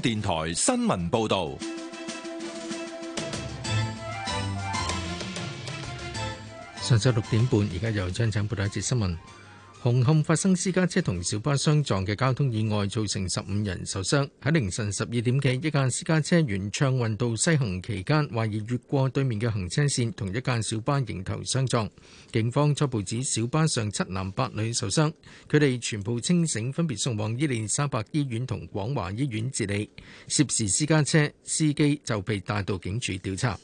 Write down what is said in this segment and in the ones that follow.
電台新聞報道。上周六點半，而家由張展博帶住第一節新聞。紅磡發生私家車同小巴相撞嘅交通意外，造成十五人受傷。喺凌晨十二點幾，一架私家車沿暢運道西行期間，懷疑越過對面嘅行車線，同一架小巴迎頭相撞。警方初步指，小巴上七男八女受傷，佢哋全部清醒，分別送往伊利沙伯醫院同廣華醫院治理。涉事私家車司機就被帶到警署調查。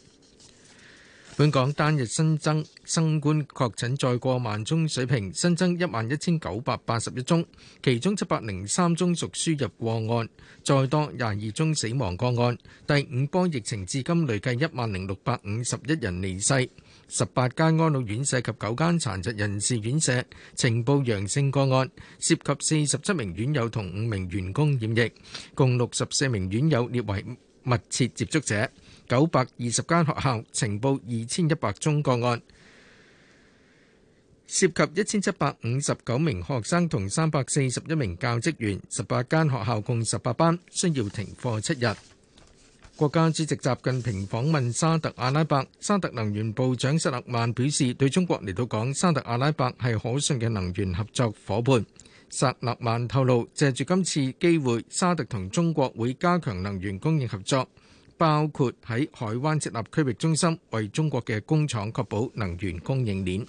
本港單日新增新冠確診再過萬宗水平，新增一萬一千九百八十一宗，其中七百零三宗屬輸入個案，再多廿二宗死亡個案。第五波疫情至今累計一萬零六百五十一人離世。十八間安老院舍及九間殘疾人士院舍呈報陽性個案，涉及四十七名院友同五名員工染疫，共六十四名院友列為密切接觸者。九百二十間學校呈報二千一百宗個案，涉及一千七百五十九名學生同三百四十一名教職員，十八間學校共十八班需要停課七日。國家主席習近平訪問沙特阿拉伯，沙特能源部長薩勒曼表示，對中國嚟到講，沙特阿拉伯係可信嘅能源合作夥伴。薩勒曼透露，借住今次機會，沙特同中國會加強能源供應合作。包括喺海灣設立區域中心，為中國嘅工廠確保能源供應鏈。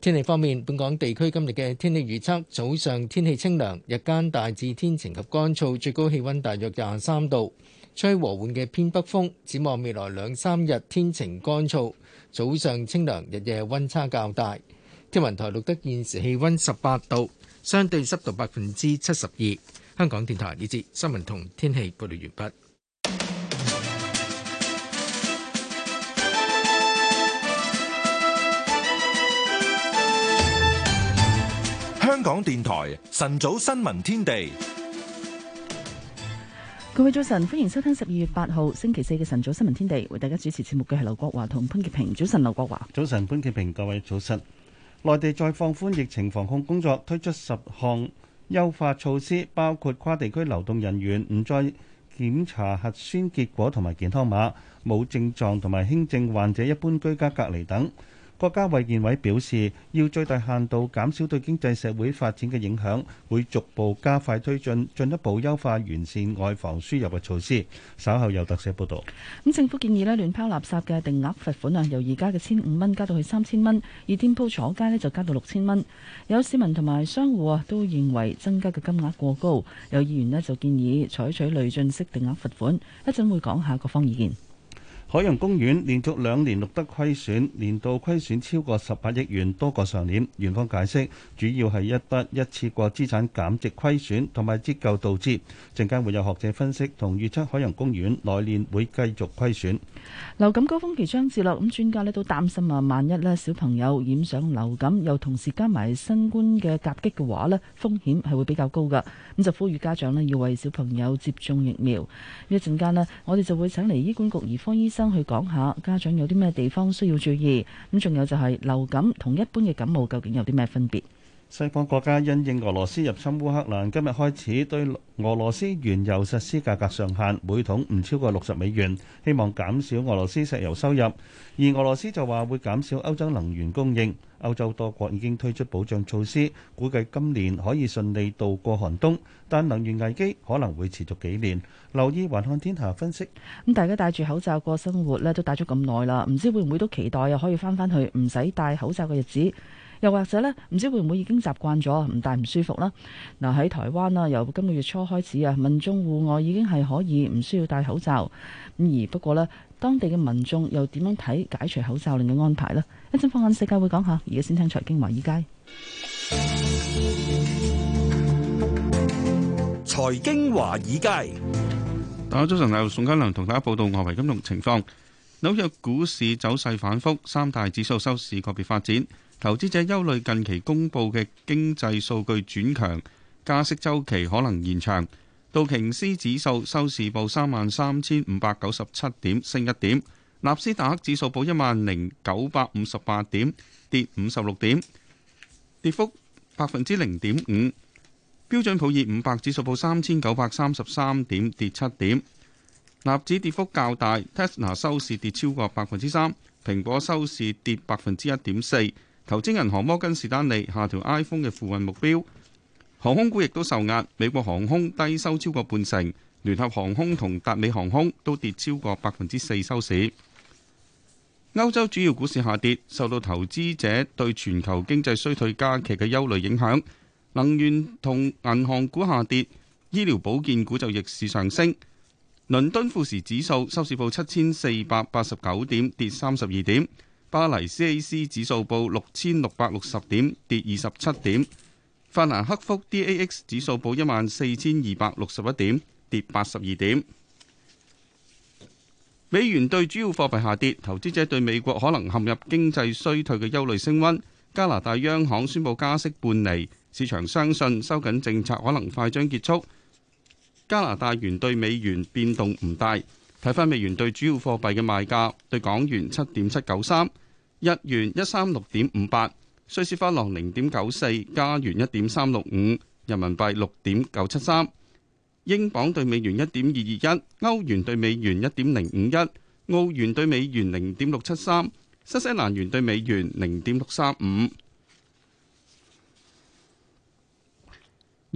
天氣方面，本港地區今日嘅天氣預測：早上天氣清涼，日間大致天晴及乾燥，最高氣溫大約廿三度，吹和緩嘅偏北風。展望未來兩三日天晴乾燥，早上清涼，日夜溫差較大。天文台錄得現時氣溫十八度，相對濕度百分之七十二。香港電台呢節新聞同天氣報道完畢。香港電台晨早新聞天地，各位早晨，歡迎收聽十二月八號星期四嘅晨早新聞天地。為大家主持節目嘅係劉國華同潘潔平。早晨，劉國華，早晨，潘潔平，各位早晨。內地再放寬疫情防控工作，推出十項優化措施，包括跨地區流動人員唔再檢查核酸結果同埋健康碼，冇症狀同埋輕症患者一般居家隔離等。國家衛健委表示，要最大限度減少對經濟社會發展嘅影響，會逐步加快推進，進一步優化完善外防輸入嘅措施。稍後有特寫報道。咁政府建議咧，亂拋垃圾嘅定額罰款啊，由而家嘅千五蚊加到去三千蚊，而店鋪坐街咧就加到六千蚊。有市民同埋商戶啊都認為增加嘅金額過高，有議員咧就建議採取累進式定額罰款。一陣會講下各方意見。海洋公園連續兩年錄得虧損，年度虧損超過十八億元，多過上年。院方解釋，主要係一筆一次過資產減值虧損同埋折舊導致。陣間會有學者分析同預測海洋公園來年會繼續虧損。流感高峰期將至啦，咁專家咧都擔心啊，萬一咧小朋友染上流感，又同時加埋新冠嘅夾擊嘅話咧，風險係會比較高㗎。咁就呼籲家長咧要為小朋友接種疫苗。一陣間咧，我哋就會請嚟醫管局兒科醫生去講下家長有啲咩地方需要注意，咁仲有就係流感同一般嘅感冒究竟有啲咩分別？西方國家因應俄羅斯入侵烏克蘭，今日開始對俄羅斯原油實施價格上限，每桶唔超過六十美元，希望減少俄羅斯石油收入。而俄羅斯就話會減少歐洲能源供應。歐洲多國已經推出保障措施，估計今年可以順利渡過寒冬。但能源危機可能會持續幾年。留意環看天下分析。咁大家戴住口罩過生活咧，都戴咗咁耐啦，唔知會唔會都期待又可以翻翻去唔使戴口罩嘅日子？又或者呢，唔知會唔會已經習慣咗唔戴唔舒服啦？嗱喺台灣啦，由今個月初開始啊，民眾戶外已經係可以唔需要戴口罩。咁而不過呢，當地嘅民眾又點樣睇解除口罩令嘅安排呢？一陣放眼世界會講下。而家先聽財經華爾街。財經華爾街，大家早晨，由宋嘉良同大家報道外圍金融情況。紐約股市走勢反覆，三大指數收市個別發展。投資者憂慮近期公布嘅經濟數據轉強，加息週期可能延長。道瓊斯指數收市報三萬三千五百九十七點，升一點。納斯達克指數報一萬零九百五十八點，跌五十六點，跌幅百分之零點五。標準普爾五百指數報三千九百三十三點，跌七點。納指跌幅較大，Tesla 收市跌超過百分之三，蘋果收市跌百分之一點四。投資銀行摩根士丹利下調 iPhone 嘅付運目標。航空股亦都受壓，美國航空低收超過半成，聯合航空同達美航空都跌超過百分之四收市。歐洲主要股市下跌，受到投資者對全球經濟衰退加劇嘅憂慮影響。能源同銀行股下跌，醫療保健股就逆市上升。倫敦富時指數收市報七千四百八十九點，跌三十二點。巴黎 CAC 指數報六千六百六十點，跌二十七點。法蘭克福 DAX 指數報一萬四千二百六十一點，跌八十二點。美元兌主要貨幣下跌，投資者對美國可能陷入經濟衰退嘅憂慮升溫。加拿大央行宣布加息半厘。市場相信收緊政策可能快將結束。加拿大元對美元變動唔大，睇返美元對主要貨幣嘅賣價：對港元七點七九三，日元一三六點五八，瑞士法郎零點九四，加元一點三六五，人民幣六點九七三，英鎊對美元一點二二一，歐元對美元一點零五一，澳元對美元零點六七三，新西蘭元對美元零點六三五。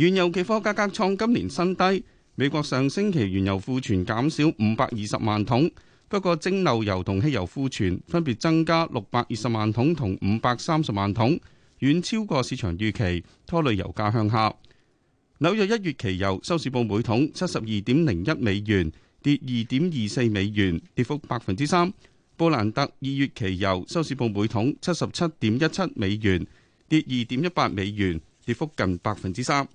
原油期貨價格創今年新低。美國上星期原油庫存減少五百二十萬桶，不過蒸餾油同汽油庫存分別增加六百二十萬桶同五百三十萬桶，遠超過市場預期，拖累油價向下。紐約一月期油收市報每桶七十二點零一美元，跌二點二四美元，跌幅百分之三。布蘭特二月期油收市報每桶七十七點一七美元，跌二點一八美元，跌幅近百分之三。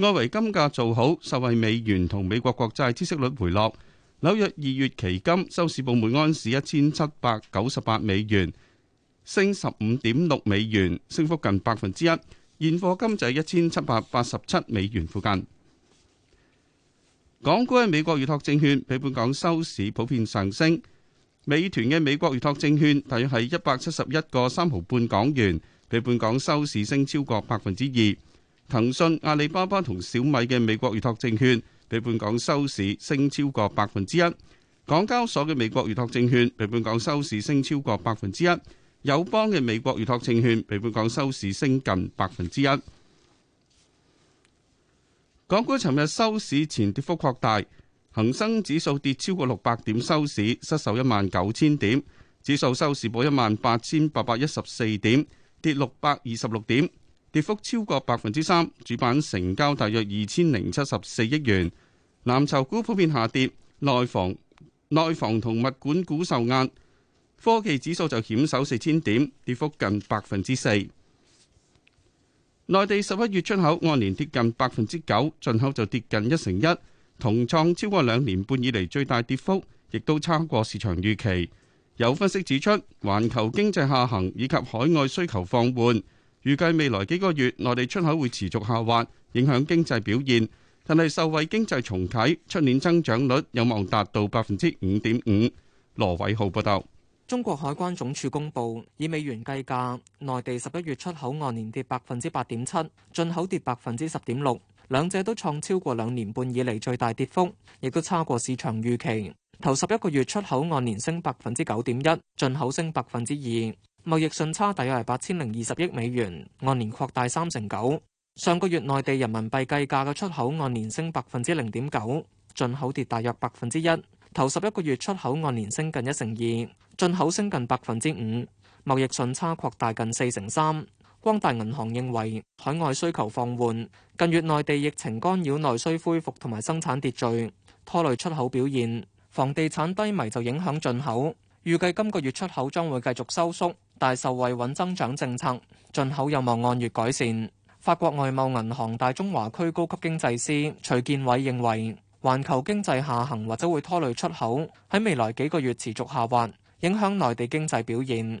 外圍金價做好，受惠美元同美國國債孳息率回落。紐約二月期金收市報每安士一千七百九十八美元，升十五點六美元，升幅近百分之一。現貨金就係一千七百八十七美元附近。港股喺美國預託證券比本港收市普遍上升。美團嘅美國預託證券大約係一百七十一個三毫半港元，比本港收市升超過百分之二。騰訊、阿里巴巴同小米嘅美國預託證券，比本港收市升超過百分之一；港交所嘅美國預託證券，比本港收市升超過百分之一；友邦嘅美國預託證券，比本港收市升近百分之一。港股尋日收市前跌幅擴大，恒生指數跌超過六百點，收市失守一萬九千點，指數收市報一萬八千八百一十四點，跌六百二十六點。跌幅超過百分之三，主板成交大約二千零七十四億元。藍籌股普遍下跌，內房、內房同物管股受壓。科技指數就險守四千點，跌幅近百分之四。內地十一月出口按年跌近百分之九，進口就跌近一成一，同創超過兩年半以嚟最大跌幅，亦都差過市場預期。有分析指出，環球經濟下行以及海外需求放緩。預計未來幾個月內地出口會持續下滑，影響經濟表現。但係受惠經濟重啟，出年增長率有望達到百分之五點五。羅偉浩報導。中國海關總署公布，以美元計價，內地十一月出口按年跌百分之八點七，進口跌百分之十點六，兩者都創超過兩年半以嚟最大跌幅，亦都差過市場預期。頭十一個月出口按年升百分之九點一，進口升百分之二。貿易順差大約係八千零二十億美元，按年擴大三成九。上個月內地人民幣計價嘅出口按年升百分之零點九，進口跌大約百分之一。頭十一個月出口按年升近一成二，進口升近百分之五，貿易順差擴大近四成三。光大銀行認為，海外需求放緩，近月內地疫情干擾內需恢復同埋生產秩序，拖累出口表現。房地產低迷就影響進口，預計今個月出口將會繼續收縮。大受惠穩增長政策，進口有望按月改善。法國外貿銀行大中華區高級經濟師徐建偉認為，環球經濟下行或者會拖累出口，喺未來幾個月持續下滑，影響內地經濟表現。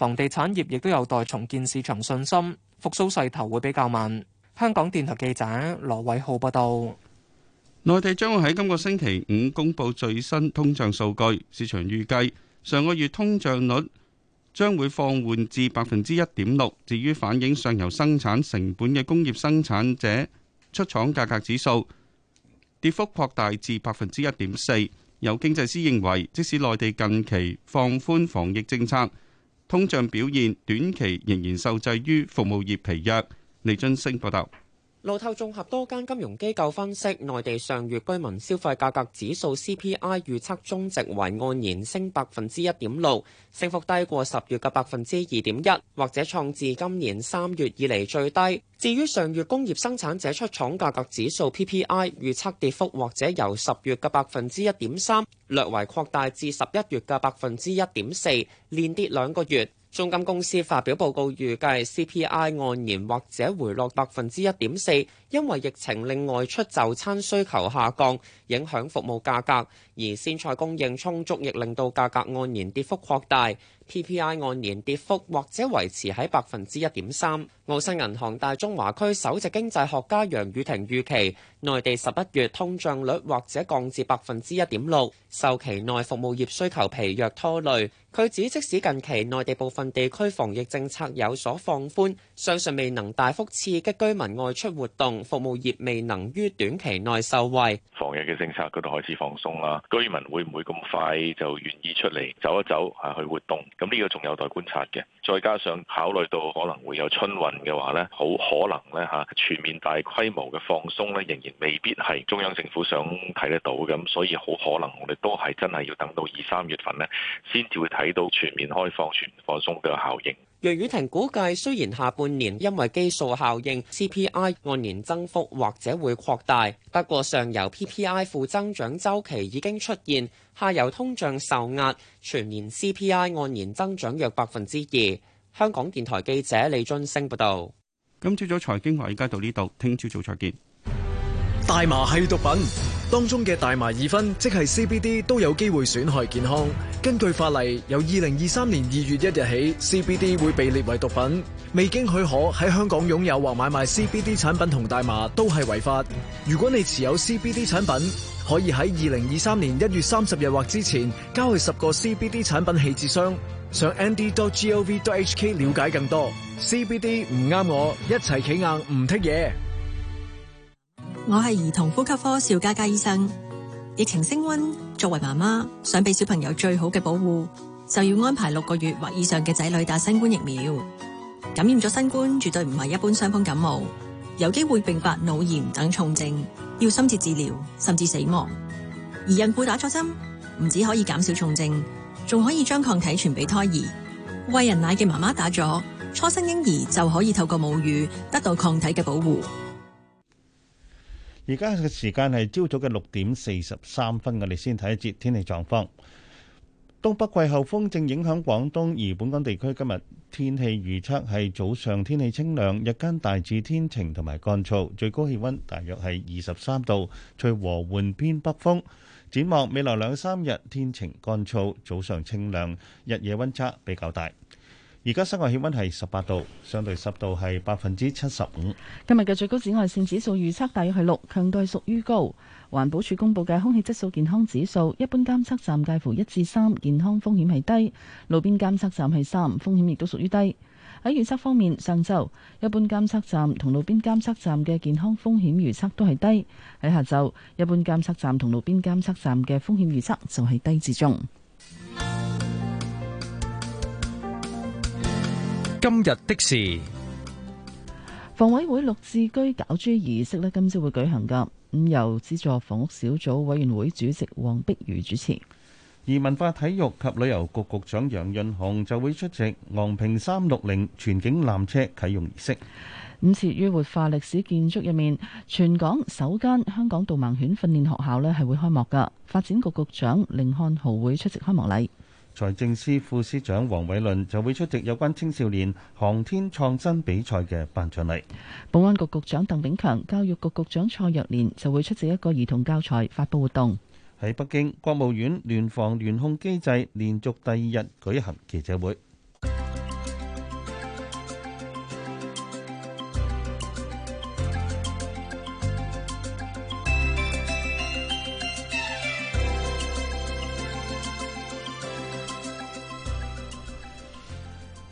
房地產業亦都有待重建市場信心，復甦勢頭會比較慢。香港電台記者羅偉浩報道，內地將會喺今個星期五公佈最新通脹數據，市場預計上個月通脹率將會放緩至百分之一點六。至於反映上游生產成本嘅工業生產者出廠價格指數，跌幅擴大至百分之一點四。有經濟師認為，即使內地近期放寬防疫政策，通脹表現短期仍然受制於服務業疲弱。李津升報道。路透綜合多間金融機構分析，內地上月居民消費價格指數 CPI 預測中值為按年升百分之一點六，升幅低過十月嘅百分之二點一，或者創自今年三月以嚟最低。至於上月工業生產者出廠價格指數 PPI 預測跌幅或者由十月嘅百分之一點三，略為擴大至十一月嘅百分之一點四，連跌兩個月。中金公司發表報告預計 CPI 按年或者回落百分之一點四。因為疫情令外出就餐需求下降，影響服務價格；而鮮菜供應充足，亦令到價格按年跌幅擴大。PPI 按年跌幅或者維持喺百分之一點三。澳新銀行大中華區首席經濟學家楊雨婷預期，內地十一月通脹率或者降至百分之一點六，受期內服務業需求疲弱拖累。佢指，即使近期內地部分地區防疫政策有所放寬，相信未能大幅刺激居民外出活動。服務業未能於短期內受惠，防疫嘅政策嗰度開始放鬆啦。居民會唔會咁快就願意出嚟走一走吓去活動，咁呢個仲有待觀察嘅。再加上考慮到可能會有春運嘅話咧，好可能咧吓全面大規模嘅放鬆咧，仍然未必係中央政府想睇得到咁，所以好可能我哋都係真係要等到二三月份咧，先至會睇到全面開放全放鬆嘅效應。楊雨婷估計，雖然下半年因為基數效應，CPI 按年增幅或者會擴大，不過上游 PPI 負增長周期已經出現，下游通脹受壓，全年 CPI 按年增長約百分之二。香港電台記者李津升報道。今朝早財經話依家到呢度，聽朝早再見。大麻係毒品，當中嘅大麻二酚即係 CBD 都有機會損害健康。根據法例，由二零二三年二月一日起，CBD 會被列為毒品。未經許可喺香港擁有或買賣 CBD 產品同大麻都係違法。如果你持有 CBD 產品，可以喺二零二三年一月三十日或之前交去十個 CBD 產品棄置箱。上 nd.gov.hk 了解更多。CBD 唔啱我，一齊企硬唔剔嘢。我係兒童呼吸科邵嘉嘉醫生。疫情升温，作為媽媽，想俾小朋友最好嘅保護，就要安排六個月或以上嘅仔女打新冠疫苗。感染咗新冠，絕對唔係一般傷風感冒，有機會併發腦炎等重症，要深切治療，甚至死亡。而孕婦打咗針，唔止可以減少重症，仲可以將抗體傳俾胎兒。喂人奶嘅媽媽打咗，初生嬰兒就可以透過母乳得到抗體嘅保護。而家嘅時間係朝早嘅六點四十三分，我哋先睇一節天氣狀況。東北季候風正影響廣東，而本港地區今日天氣預測係早上天氣清涼，日間大致天晴同埋乾燥，最高氣溫大約係二十三度，吹和緩偏北風。展望未來兩三日天晴乾燥，早上清涼，日夜溫差比較大。而家室外氣溫係十八度，相對濕度係百分之七十五。今日嘅最高紫外綫指數預測大約係六，強度係屬於高。環保署公布嘅空氣質素健康指數，一般監測站介乎一至三，健康風險係低；路邊監測站係三，風險亦都屬於低。喺預測方面，上晝一般監測站同路邊監測站嘅健康風險預測都係低；喺下晝，一般監測站同路邊監測站嘅風險預測就係低至中。今日的事，房委會六字居攪珠儀式咧，今朝會舉行噶。咁由資助房屋小組委員會主席黃碧如主持，而文化體育及旅遊局局局長楊潤雄就會出席昂坪三六零全景纜車啟用儀式。五至於活化歷史建築入面，全港首間香港導盲犬訓練學校咧係會開幕噶。發展局局長甯漢豪會出席開幕禮。財政司副司長黃偉綸就會出席有關青少年航天創新比賽嘅頒獎禮。保安局局長鄧炳強、教育局局長蔡若蓮就會出席一個兒童教材發布活動。喺北京，國務院聯防聯控機制連續第二日舉行記者會。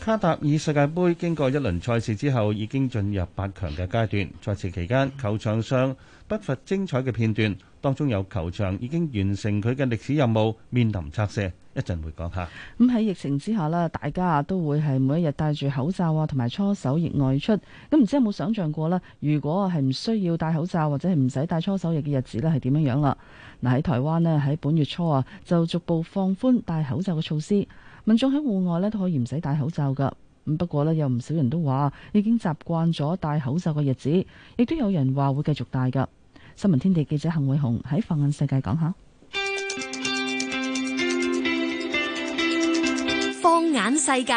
卡塔爾世界杯經過一輪賽事之後，已經進入八強嘅階段。在此期間，球場上不乏精彩嘅片段，當中有球場已經完成佢嘅歷史任務，面臨拆卸。一陣會講下。咁喺疫情之下咧，大家啊都會係每一日戴住口罩啊，同埋搓手液外出。咁唔知有冇想象過咧？如果係唔需要戴口罩或者係唔使戴搓手液嘅日子咧，係點樣樣啦？嗱，喺台灣咧，喺本月初啊，就逐步放寬戴口罩嘅措施。民眾喺戶外呢都可以唔使戴口罩噶，不過呢有唔少人都話已經習慣咗戴口罩嘅日子，亦都有人話會繼續戴噶。新聞天地記者幸偉雄喺放眼世界講下，放眼世界，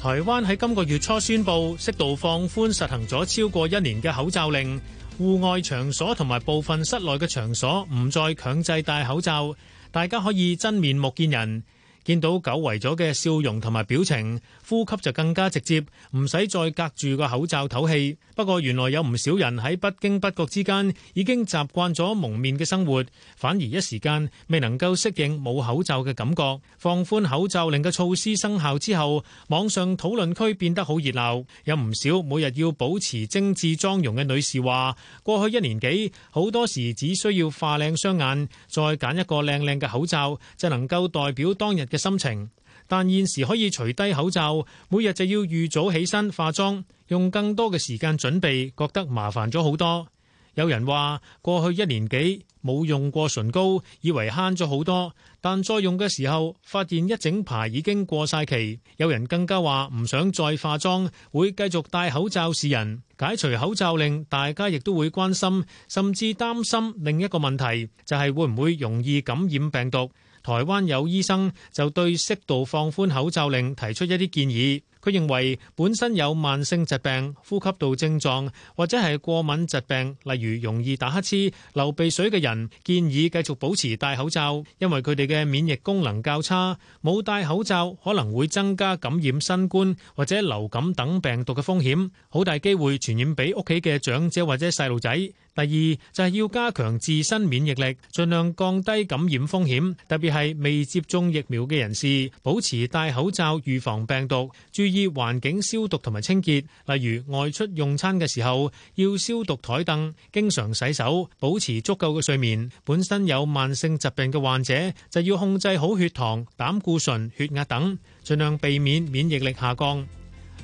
台灣喺今個月初宣布適度放寬實行咗超過一年嘅口罩令。戶外場所同埋部分室內嘅場所唔再強制戴口罩，大家可以真面目見人。見到久違咗嘅笑容同埋表情，呼吸就更加直接，唔使再隔住個口罩唞氣。不過原來有唔少人喺不經不覺之間已經習慣咗蒙面嘅生活，反而一時間未能夠適應冇口罩嘅感覺。放寬口罩令嘅措施生效之後，網上討論區變得好熱鬧。有唔少每日要保持精緻妝容嘅女士話：過去一年幾，好多時只需要化靚雙眼，再揀一個靚靚嘅口罩，就能夠代表當日嘅心情，但現時可以除低口罩，每日就要預早起身化妝，用更多嘅時間準備，覺得麻煩咗好多。有人話過去一年幾冇用過唇膏，以為慳咗好多，但再用嘅時候發現一整排已經過晒期。有人更加話唔想再化妝，會繼續戴口罩示人。解除口罩令，大家亦都會關心，甚至擔心另一個問題，就係會唔會容易感染病毒。台灣有醫生就對適度放寬口罩令提出一啲建議。佢認為本身有慢性疾病、呼吸道症狀或者係過敏疾病，例如容易打乞嗤、流鼻水嘅人，建議繼續保持戴口罩，因為佢哋嘅免疫功能較差，冇戴口罩可能會增加感染新冠或者流感等病毒嘅風險，好大機會傳染俾屋企嘅長者或者細路仔。第二就係要加強自身免疫力，盡量降低感染風險，特別係未接種疫苗嘅人士，保持戴口罩預防病毒。注意環境消毒同埋清潔，例如外出用餐嘅時候要消毒台凳，經常洗手，保持足夠嘅睡眠。本身有慢性疾病嘅患者就要控制好血糖、膽固醇、血壓等，盡量避免免疫力下降。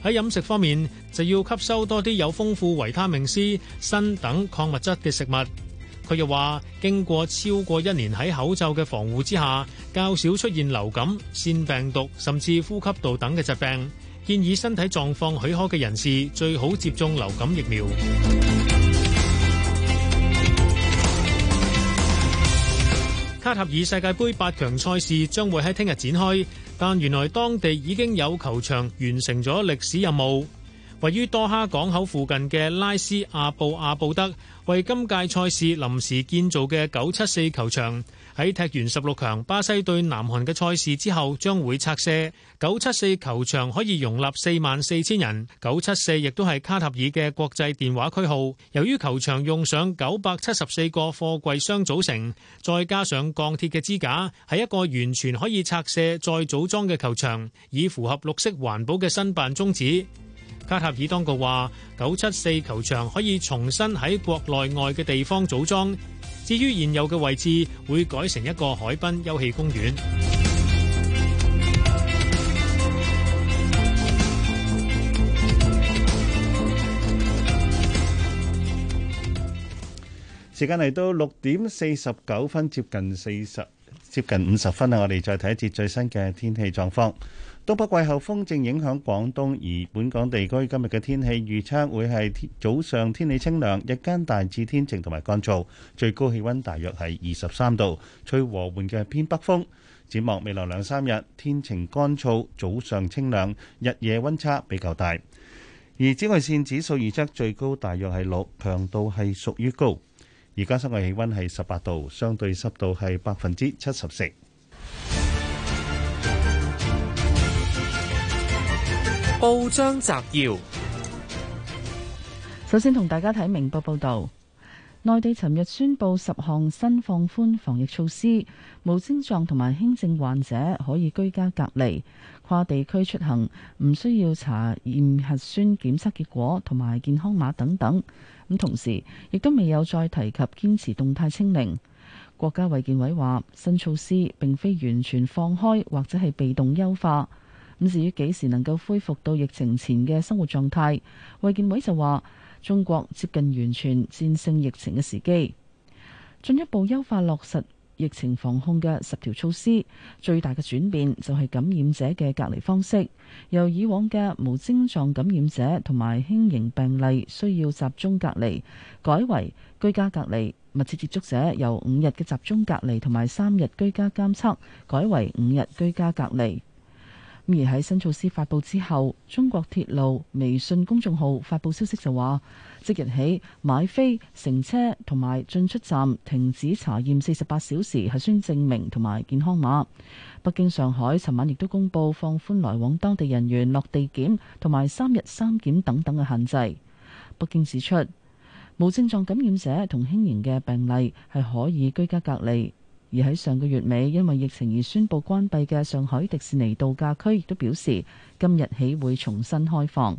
喺飲食方面就要吸收多啲有豐富維他命 C、鋅等礦物質嘅食物。佢又話，經過超過一年喺口罩嘅防護之下，較少出現流感、腺病毒甚至呼吸道等嘅疾病。建議身體狀況許可嘅人士最好接種流感疫苗。卡塔爾世界盃八強賽事將會喺聽日展開，但原來當地已經有球場完成咗歷史任務。位於多哈港口附近嘅拉斯阿布阿布德，為今屆賽事臨時建造嘅九七四球場。喺踢完十六強巴西對南韓嘅賽事之後將會拆卸。九七四球場可以容納四萬四千人。九七四亦都係卡塔爾嘅國際電話區號，由於球場用上九百七十四個貨櫃箱組成，再加上鋼鐵嘅支架，係一個完全可以拆卸再組裝嘅球場，以符合綠色環保嘅申辦宗旨。卡塔爾當局話，九七四球場可以重新喺國內外嘅地方組裝。至於現有嘅位置，會改成一個海濱休憩公園。時間嚟到六點四十九分，接近四十。接近五十分啊！我哋再睇一節最新嘅天氣狀況。東北季候風正影響廣東，而本港地區今日嘅天氣預測會係天，早上天氣清涼，日間大致天晴同埋乾燥，最高氣溫大約係二十三度，吹和緩嘅偏北風。展望未來兩三日，天晴乾燥，早上清涼，日夜溫差比較大。而紫外線指數預測最高大約係六，強度係屬於高。而家室外氣溫係十八度，相對濕度係百分之七十四。報章摘要：首先同大家睇明報報道，內地尋日宣布十項新放寬防疫措施，無症狀同埋輕症患者可以居家隔離、跨地區出行，唔需要查驗核酸檢測結果同埋健康碼等等。咁同時，亦都未有再提及堅持動態清零。國家衛健委話，新措施並非完全放開或者係被動優化。咁至於幾時能夠恢復到疫情前嘅生活狀態，衛健委就話，中國接近完全戰勝疫情嘅時機，進一步優化落實。疫情防控嘅十條措施，最大嘅轉變就係感染者嘅隔離方式，由以往嘅無症狀感染者同埋輕型病例需要集中隔離，改為居家隔離；密切接觸者由五日嘅集中隔離同埋三日居家監測，改為五日居家隔離，而喺新措施發佈之後，中國鐵路微信公眾號發佈消息就話。即日起，買飛、乘車同埋進出站停止查驗四十八小時核酸證明同埋健康碼。北京、上海尋晚亦都公布放寬來往當地人員落地檢同埋三日三檢等等嘅限制。北京指出，無症狀感染者同輕型嘅病例係可以居家隔離，而喺上個月尾因為疫情而宣布關閉嘅上海迪士尼度假區亦都表示，今日起會重新開放。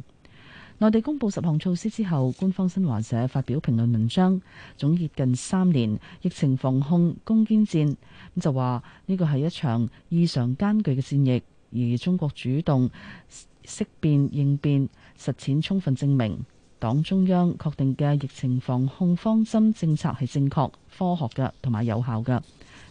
內地公布十項措施之後，官方新華社發表評論文章總結近三年疫情防控攻堅戰，咁就話呢個係一場異常艱巨嘅戰役，而中國主動識變應變，實踐充分證明黨中央確定嘅疫情防控方針政策係正確科學嘅同埋有效嘅。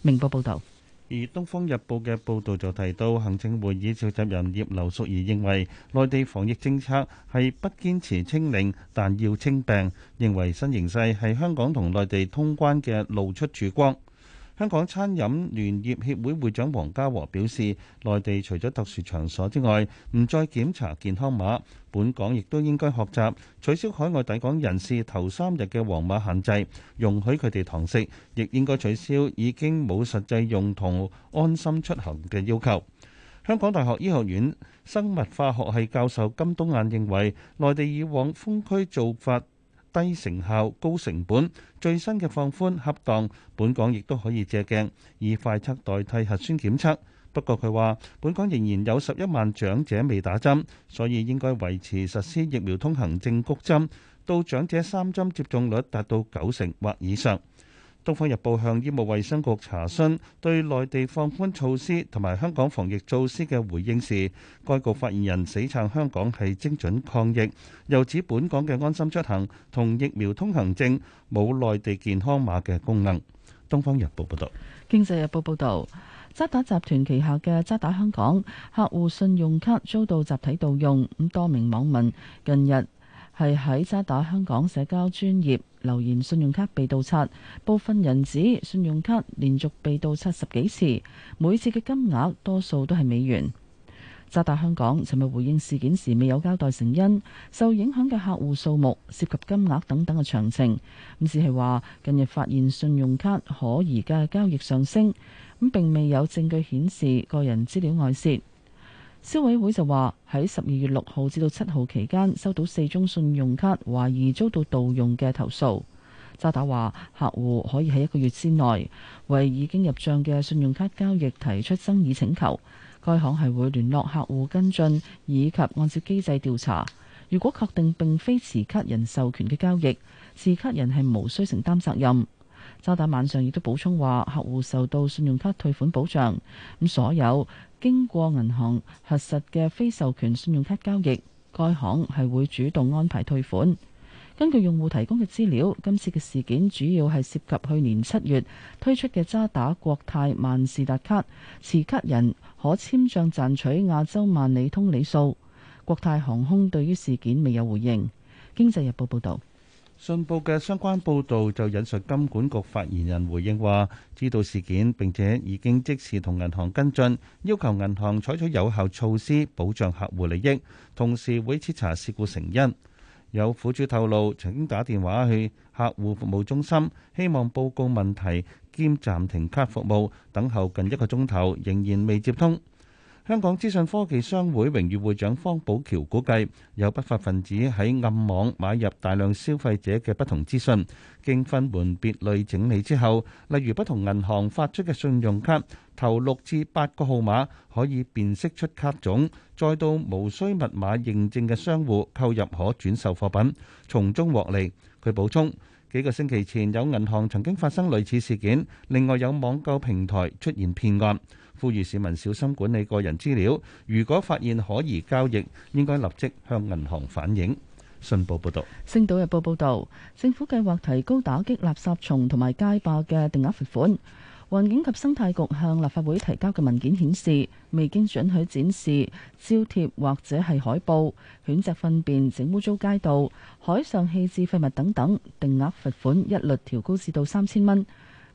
明報報導。而《東方日報》嘅報導就提到，行政會議召集人葉劉淑儀認為，內地防疫政策係不堅持清零，但要清病，認為新形勢係香港同內地通關嘅露出曙光。香港餐飲聯業協會會長黃家和表示，內地除咗特殊場所之外，唔再檢查健康碼，本港亦都應該學習取消海外抵港人士頭三日嘅黃碼限制，容許佢哋堂食，亦應該取消已經冇實際用途安心出行嘅要求。香港大學醫學院生物化學系教授金冬雁認為，內地以往封區做法，低成效、高成本，最新嘅放寬恰當，本港亦都可以借鏡以快測代替核酸檢測。不過佢話，本港仍然有十一萬長者未打針，所以應該維持實施疫苗通行證谷針，到長者三針接種率達到九成或以上。《東方日報》向醫務衛生局查詢對內地放寬措施同埋香港防疫措施嘅回應時，該局發言人死撐香港係精準抗疫，又指本港嘅安心出行同疫苗通行證冇內地健康碼嘅功能。《東方日報》報導，《經濟日報》報導，渣打集團旗下嘅渣打香港客戶信用卡遭到集體盜用，咁多名網民近日係喺渣打香港社交專業。留言信用卡被盜刷，部分人指信用卡連續被盜刷十幾次，每次嘅金額多數都係美元。渣打香港尋日回應事件時，未有交代成因、受影響嘅客戶數目、涉及金額等等嘅詳情，咁只係話近日發現信用卡可疑嘅交易上升，咁並未有證據顯示個人資料外泄。消委會就話喺十二月六號至到七號期間收到四宗信用卡懷疑遭到盜用嘅投訴。渣打話客戶可以喺一個月之內為已經入賬嘅信用卡交易提出爭議請求，該行係會聯絡客戶跟進以及按照機制調查。如果確定並非持卡人授權嘅交易，持卡人係無需承擔責任。渣打晚上亦都補充話，客戶受到信用卡退款保障。咁所有。經過銀行核實嘅非授權信用卡交易，該行係會主動安排退款。根據用戶提供嘅資料，今次嘅事件主要係涉及去年七月推出嘅渣打國泰萬事達卡，持卡人可簽賬賺取亞洲萬里通里數。國泰航空對於事件未有回應。經濟日報報道。信報嘅相關報導就引述金管局發言人回應話：知道事件，並且已經即時同銀行跟進，要求銀行採取有效措施保障客戶利益，同時會徹查事故成因。有苦主透露曾經打電話去客戶服務中心，希望報告問題兼暫停卡服務，等候近一個鐘頭，仍然未接通。香港資訊科技商會榮譽會長方寶橋估計，有不法分子喺暗網買入大量消費者嘅不同資訊，經分門別類整理之後，例如不同銀行發出嘅信用卡，頭六至八個號碼可以辨識出卡種，再到無需密碼認證嘅商戶購入可轉售貨品，從中獲利。佢補充，幾個星期前有銀行曾經發生類似事件，另外有網購平台出現騙案。呼籲市民小心管理個人資料，如果發現可疑交易，應該立即向銀行反映。信報報道，星島日報報道，政府計劃提高打擊垃圾蟲同埋街霸嘅定額罰款。環境及生態局向立法會提交嘅文件顯示，未經准許展示、招貼或者係海報，犬隻糞便、整污糟街道，海上棄置廢物等等，定額罰款一律調高至到三千蚊。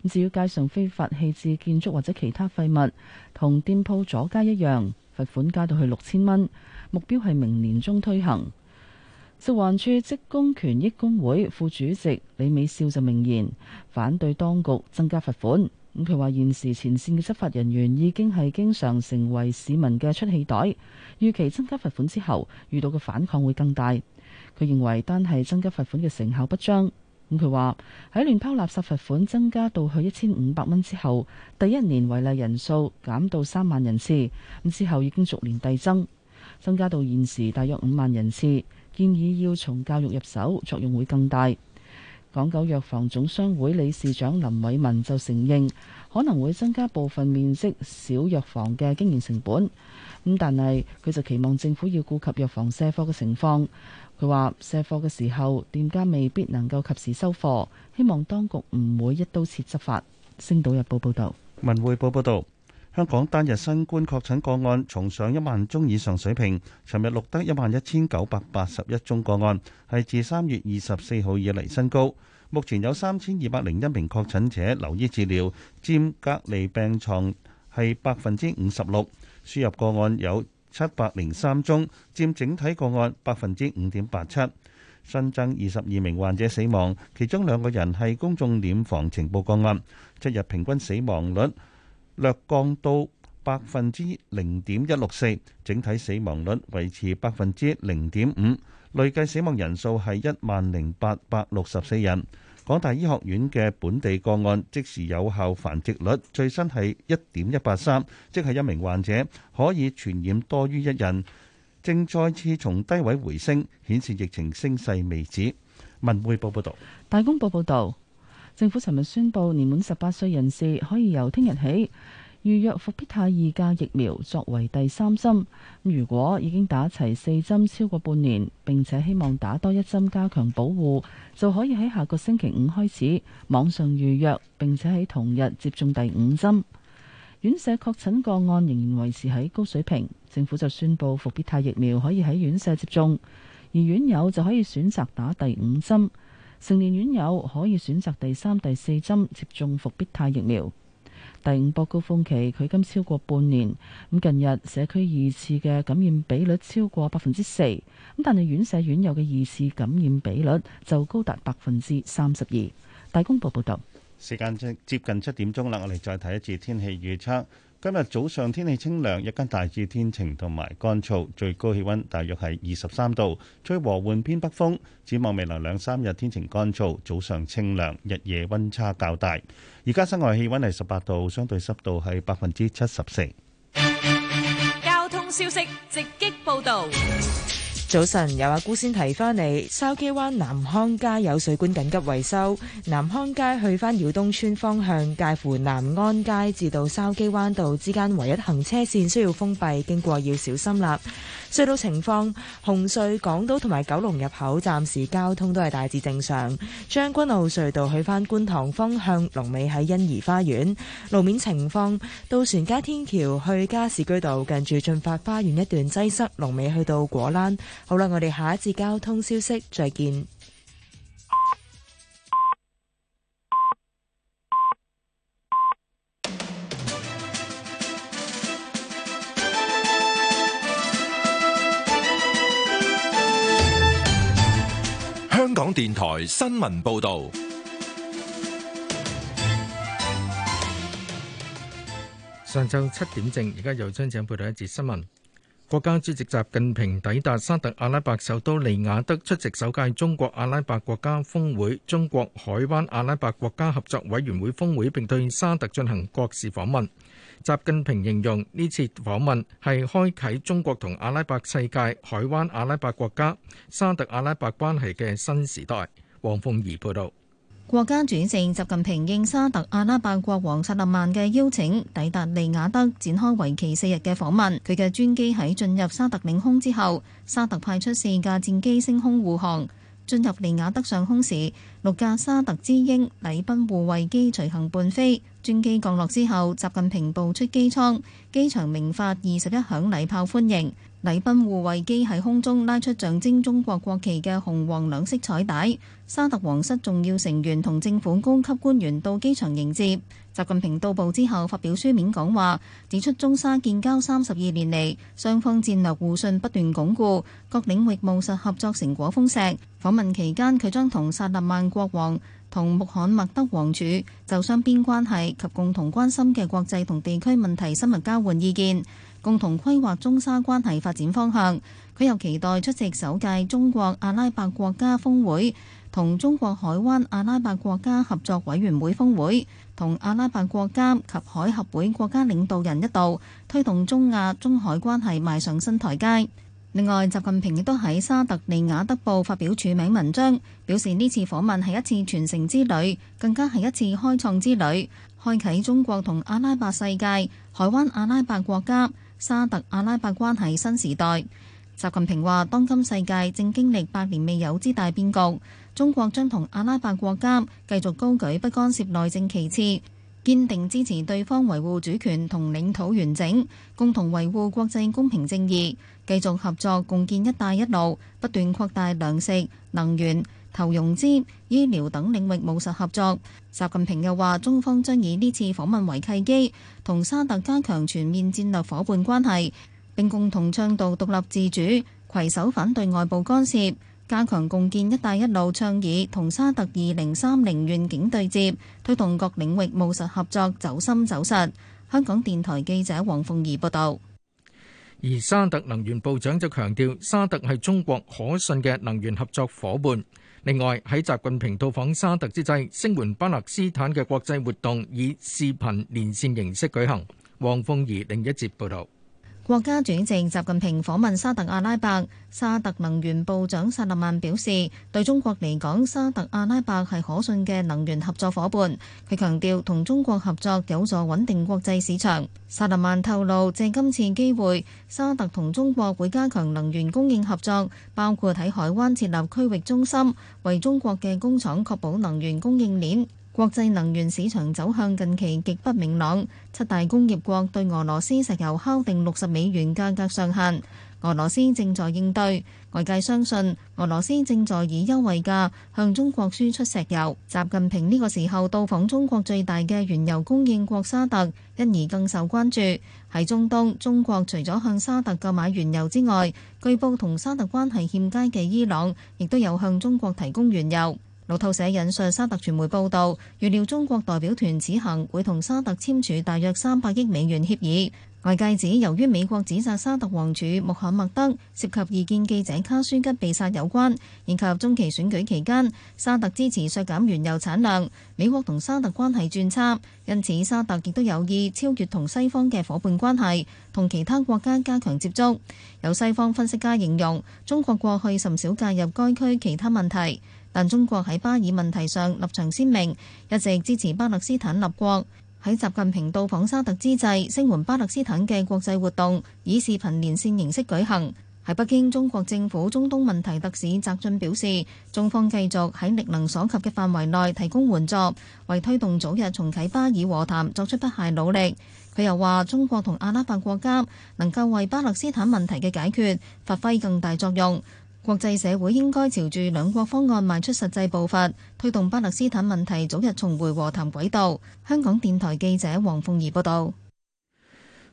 至於街上非法棄置建築或者其他廢物，同店鋪阻街一樣，罰款加到去六千蚊，目標係明年中推行。食環署職工權益工會副主席李美少就明言反對當局增加罰款。咁佢話現時前線嘅執法人員已經係經常成為市民嘅出氣袋，預期增加罰款之後遇到嘅反抗會更大。佢認為單係增加罰款嘅成效不彰。咁佢話喺亂拋垃圾罰款增加到去一千五百蚊之後，第一年違例人數減到三萬人次，咁之後已經逐年遞增，增加到現時大約五萬人次。建議要從教育入手，作用會更大。港九藥房總商會理事長林偉文就承認可能會增加部分面積小藥房嘅經營成本，咁但係佢就期望政府要顧及藥房卸貨嘅情況。佢話：卸貨嘅時候，店家未必能夠及時收貨，希望當局唔會一刀切執法。星島日報報道，文匯報報道，香港單日新冠確診個案重上一萬宗以上水平，尋日錄得一萬一千九百八十一宗個案，係自三月二十四號以來新高。目前有三千二百零一名確診者留醫治療，佔隔離病床係百分之五十六。輸入個案有七百零三宗，佔整體個案百分之五點八七，新增二十二名患者死亡，其中兩個人係公眾殮房呈報個案，七日平均死亡率略降到百分之零點一六四，整體死亡率維持百分之零點五，累計死亡人數係一萬零八百六十四人。港大醫學院嘅本地個案，即時有效繁殖率最新係一點一八三，即係一名患者可以傳染多於一人，正再次從低位回升，顯示疫情升勢未止。文匯報報道。大公報報道，政府尋日宣布，年滿十八歲人士可以由聽日起，預約復必泰二價疫苗作為第三針，如果已經打齊四針超過半年，並且希望打多一針加強保護，就可以喺下個星期五開始網上預約，並且喺同日接種第五針。院舍確診個案仍然維持喺高水平，政府就宣布復必泰疫苗可以喺院舍接種，而院友就可以選擇打第五針。成年院友可以選擇第三、第四針接種復必泰疫苗。第五波高峰期，佢今超過半年。咁近日社區二次嘅感染比率超過百分之四，咁但係院舍院友嘅二次感染比率就高達百分之三十二。大公報報道，時間即接近七點鐘啦，我哋再睇一次天氣預測。今日早上天氣清涼，日間大致天晴同埋乾燥，最高氣溫大約係二十三度，吹和緩偏北風。展望未來兩三日天晴乾燥，早上清涼，日夜溫差較大。而家室外氣溫係十八度，相對濕度係百分之七十四。交通消息直擊報道。早晨，有阿姑先提翻你，筲箕灣南康街有水管緊急維修，南康街去返耀東村方向，介乎南安街至到筲箕灣道之間唯一行車線需要封閉，經過要小心啦。隧道情況，紅隧港島同埋九龍入口暫時交通都係大致正常。將軍澳隧道去返觀塘方向，龍尾喺欣怡花園。路面情況，渡船街天橋去加士居道近住進發花園一段擠塞，龍尾去到果欄。好啦，我哋下一節交通消息，再見。香港電台新聞報道：上晝七點正，而家又張長報道一節新聞。國家主席習近平抵達沙特阿拉伯首都利雅得出席首屆中國阿拉伯國家峰會、中國海灣阿拉伯國家合作委員會峰會，並對沙特進行國事訪問。習近平形容呢次訪問係開啟中國同阿拉伯世界、海灣阿拉伯國家、沙特阿拉伯關係嘅新時代。王鳳儀報道。國家主席習近平應沙特阿拉伯國王薩勒曼嘅邀請，抵達利雅德展開為期四日嘅訪問。佢嘅專機喺進入沙特領空之後，沙特派出四架戰機升空護航。進入利雅得上空時，六架沙特之鷹禮賓護衛機隨行伴飛。專機降落之後，習近平步出機艙，機場鳴發二十一響禮炮歡迎。禮賓護衛機喺空中拉出象徵中國國旗嘅紅黃兩色彩帶，沙特皇室重要成員同政府高級官員到機場迎接。習近平到埗之後發表書面講話，指出中沙建交三十二年嚟，雙方戰略互信不斷鞏固，各領域務實合作成果豐碩。訪問期間，佢將同薩勒曼國王同穆罕默德王儲就雙邊關係及共同關心嘅國際同地區問題深入交換意見。共同規劃中沙關係發展方向。佢又期待出席首屆中國阿拉伯國家峰會、同中國海灣阿拉伯國家合作委員會峰會，同阿拉伯國家及海合會國家領導人一道推動中亞中海關係邁上新台階。另外，習近平亦都喺沙特利雅德報發表署名文章，表示呢次訪問係一次傳承之旅，更加係一次開創之旅，開啟中國同阿拉伯世界、海灣阿拉伯國家沙特阿拉伯關係新時代,習近平話當今世界正經歷百年未有之大變局,中國將同阿拉伯國家繼續高舉不干涉內政旗幟,堅定支持對方維護主權同領土完整,共同維護國際公平正義,繼續合作共建一帶一路,不斷擴大糧食、能源。投融資、醫療等領域務實合作。習近平又話：中方將以呢次訪問為契機，同沙特加強全面戰略夥伴關係，並共同倡導獨立自主、攜手反對外部干涉，加強共建「一帶一路」倡議同沙特二零三零願景對接，推動各領域務實合作、走心走實。香港電台記者黃鳳儀報道。而沙特能源部長就強調，沙特係中國可信嘅能源合作伙伴。另外，喺習近平到訪沙特之際，聲援巴勒斯坦嘅國際活動以視頻連線形式舉行。黃鳳儀另一節報道。國家主席習近平訪問沙特阿拉伯，沙特能源部長薩勒曼表示對中國嚟講，沙特阿拉伯係可信嘅能源合作伙伴。佢強調同中國合作有助穩定國際市場。薩勒曼透露，借今次機會，沙特同中國會加強能源供應合作，包括喺海灣設立區域中心為中國嘅工廠確保能源供應鏈。國際能源市場走向近期極不明朗，七大工業國對俄羅斯石油敲定六十美元價格上限。俄羅斯正在應對，外界相信俄羅斯正在以優惠價向中國輸出石油。習近平呢個時候到訪中國最大嘅原油供應國沙特，因而更受關注。喺中東，中國除咗向沙特購買原油之外，據報同沙特關係欠佳嘅伊朗，亦都有向中國提供原油。路透社引述沙特傳媒報道，預料中國代表團此行會同沙特簽署大約三百億美元協議。外界指，由於美國指責沙特王儲穆罕默德涉及異見記者卡舒吉被殺有關，以及中期選舉期間沙特支持削減原油產量，美國同沙特關係轉差，因此沙特亦都有意超越同西方嘅伙伴關係同其他國家加強接觸，有西方分析家形容，中國過去甚少介入該區其他問題。但中國喺巴以問題上立場鮮明，一直支持巴勒斯坦立國。喺習近平到訪沙特之際，聲援巴勒斯坦嘅國際活動以視頻連線形式舉行。喺北京，中國政府中東問題特使翟俊表示，中方繼續喺力能所及嘅範圍內提供援助，為推動早日重啟巴以和談作出不懈努力。佢又話，中國同阿拉伯國家能夠為巴勒斯坦問題嘅解決發揮更大作用。國際社會應該朝住兩國方案邁出實際步伐，推動巴勒斯坦問題早日重回和談軌道。香港電台記者黃鳳儀報道。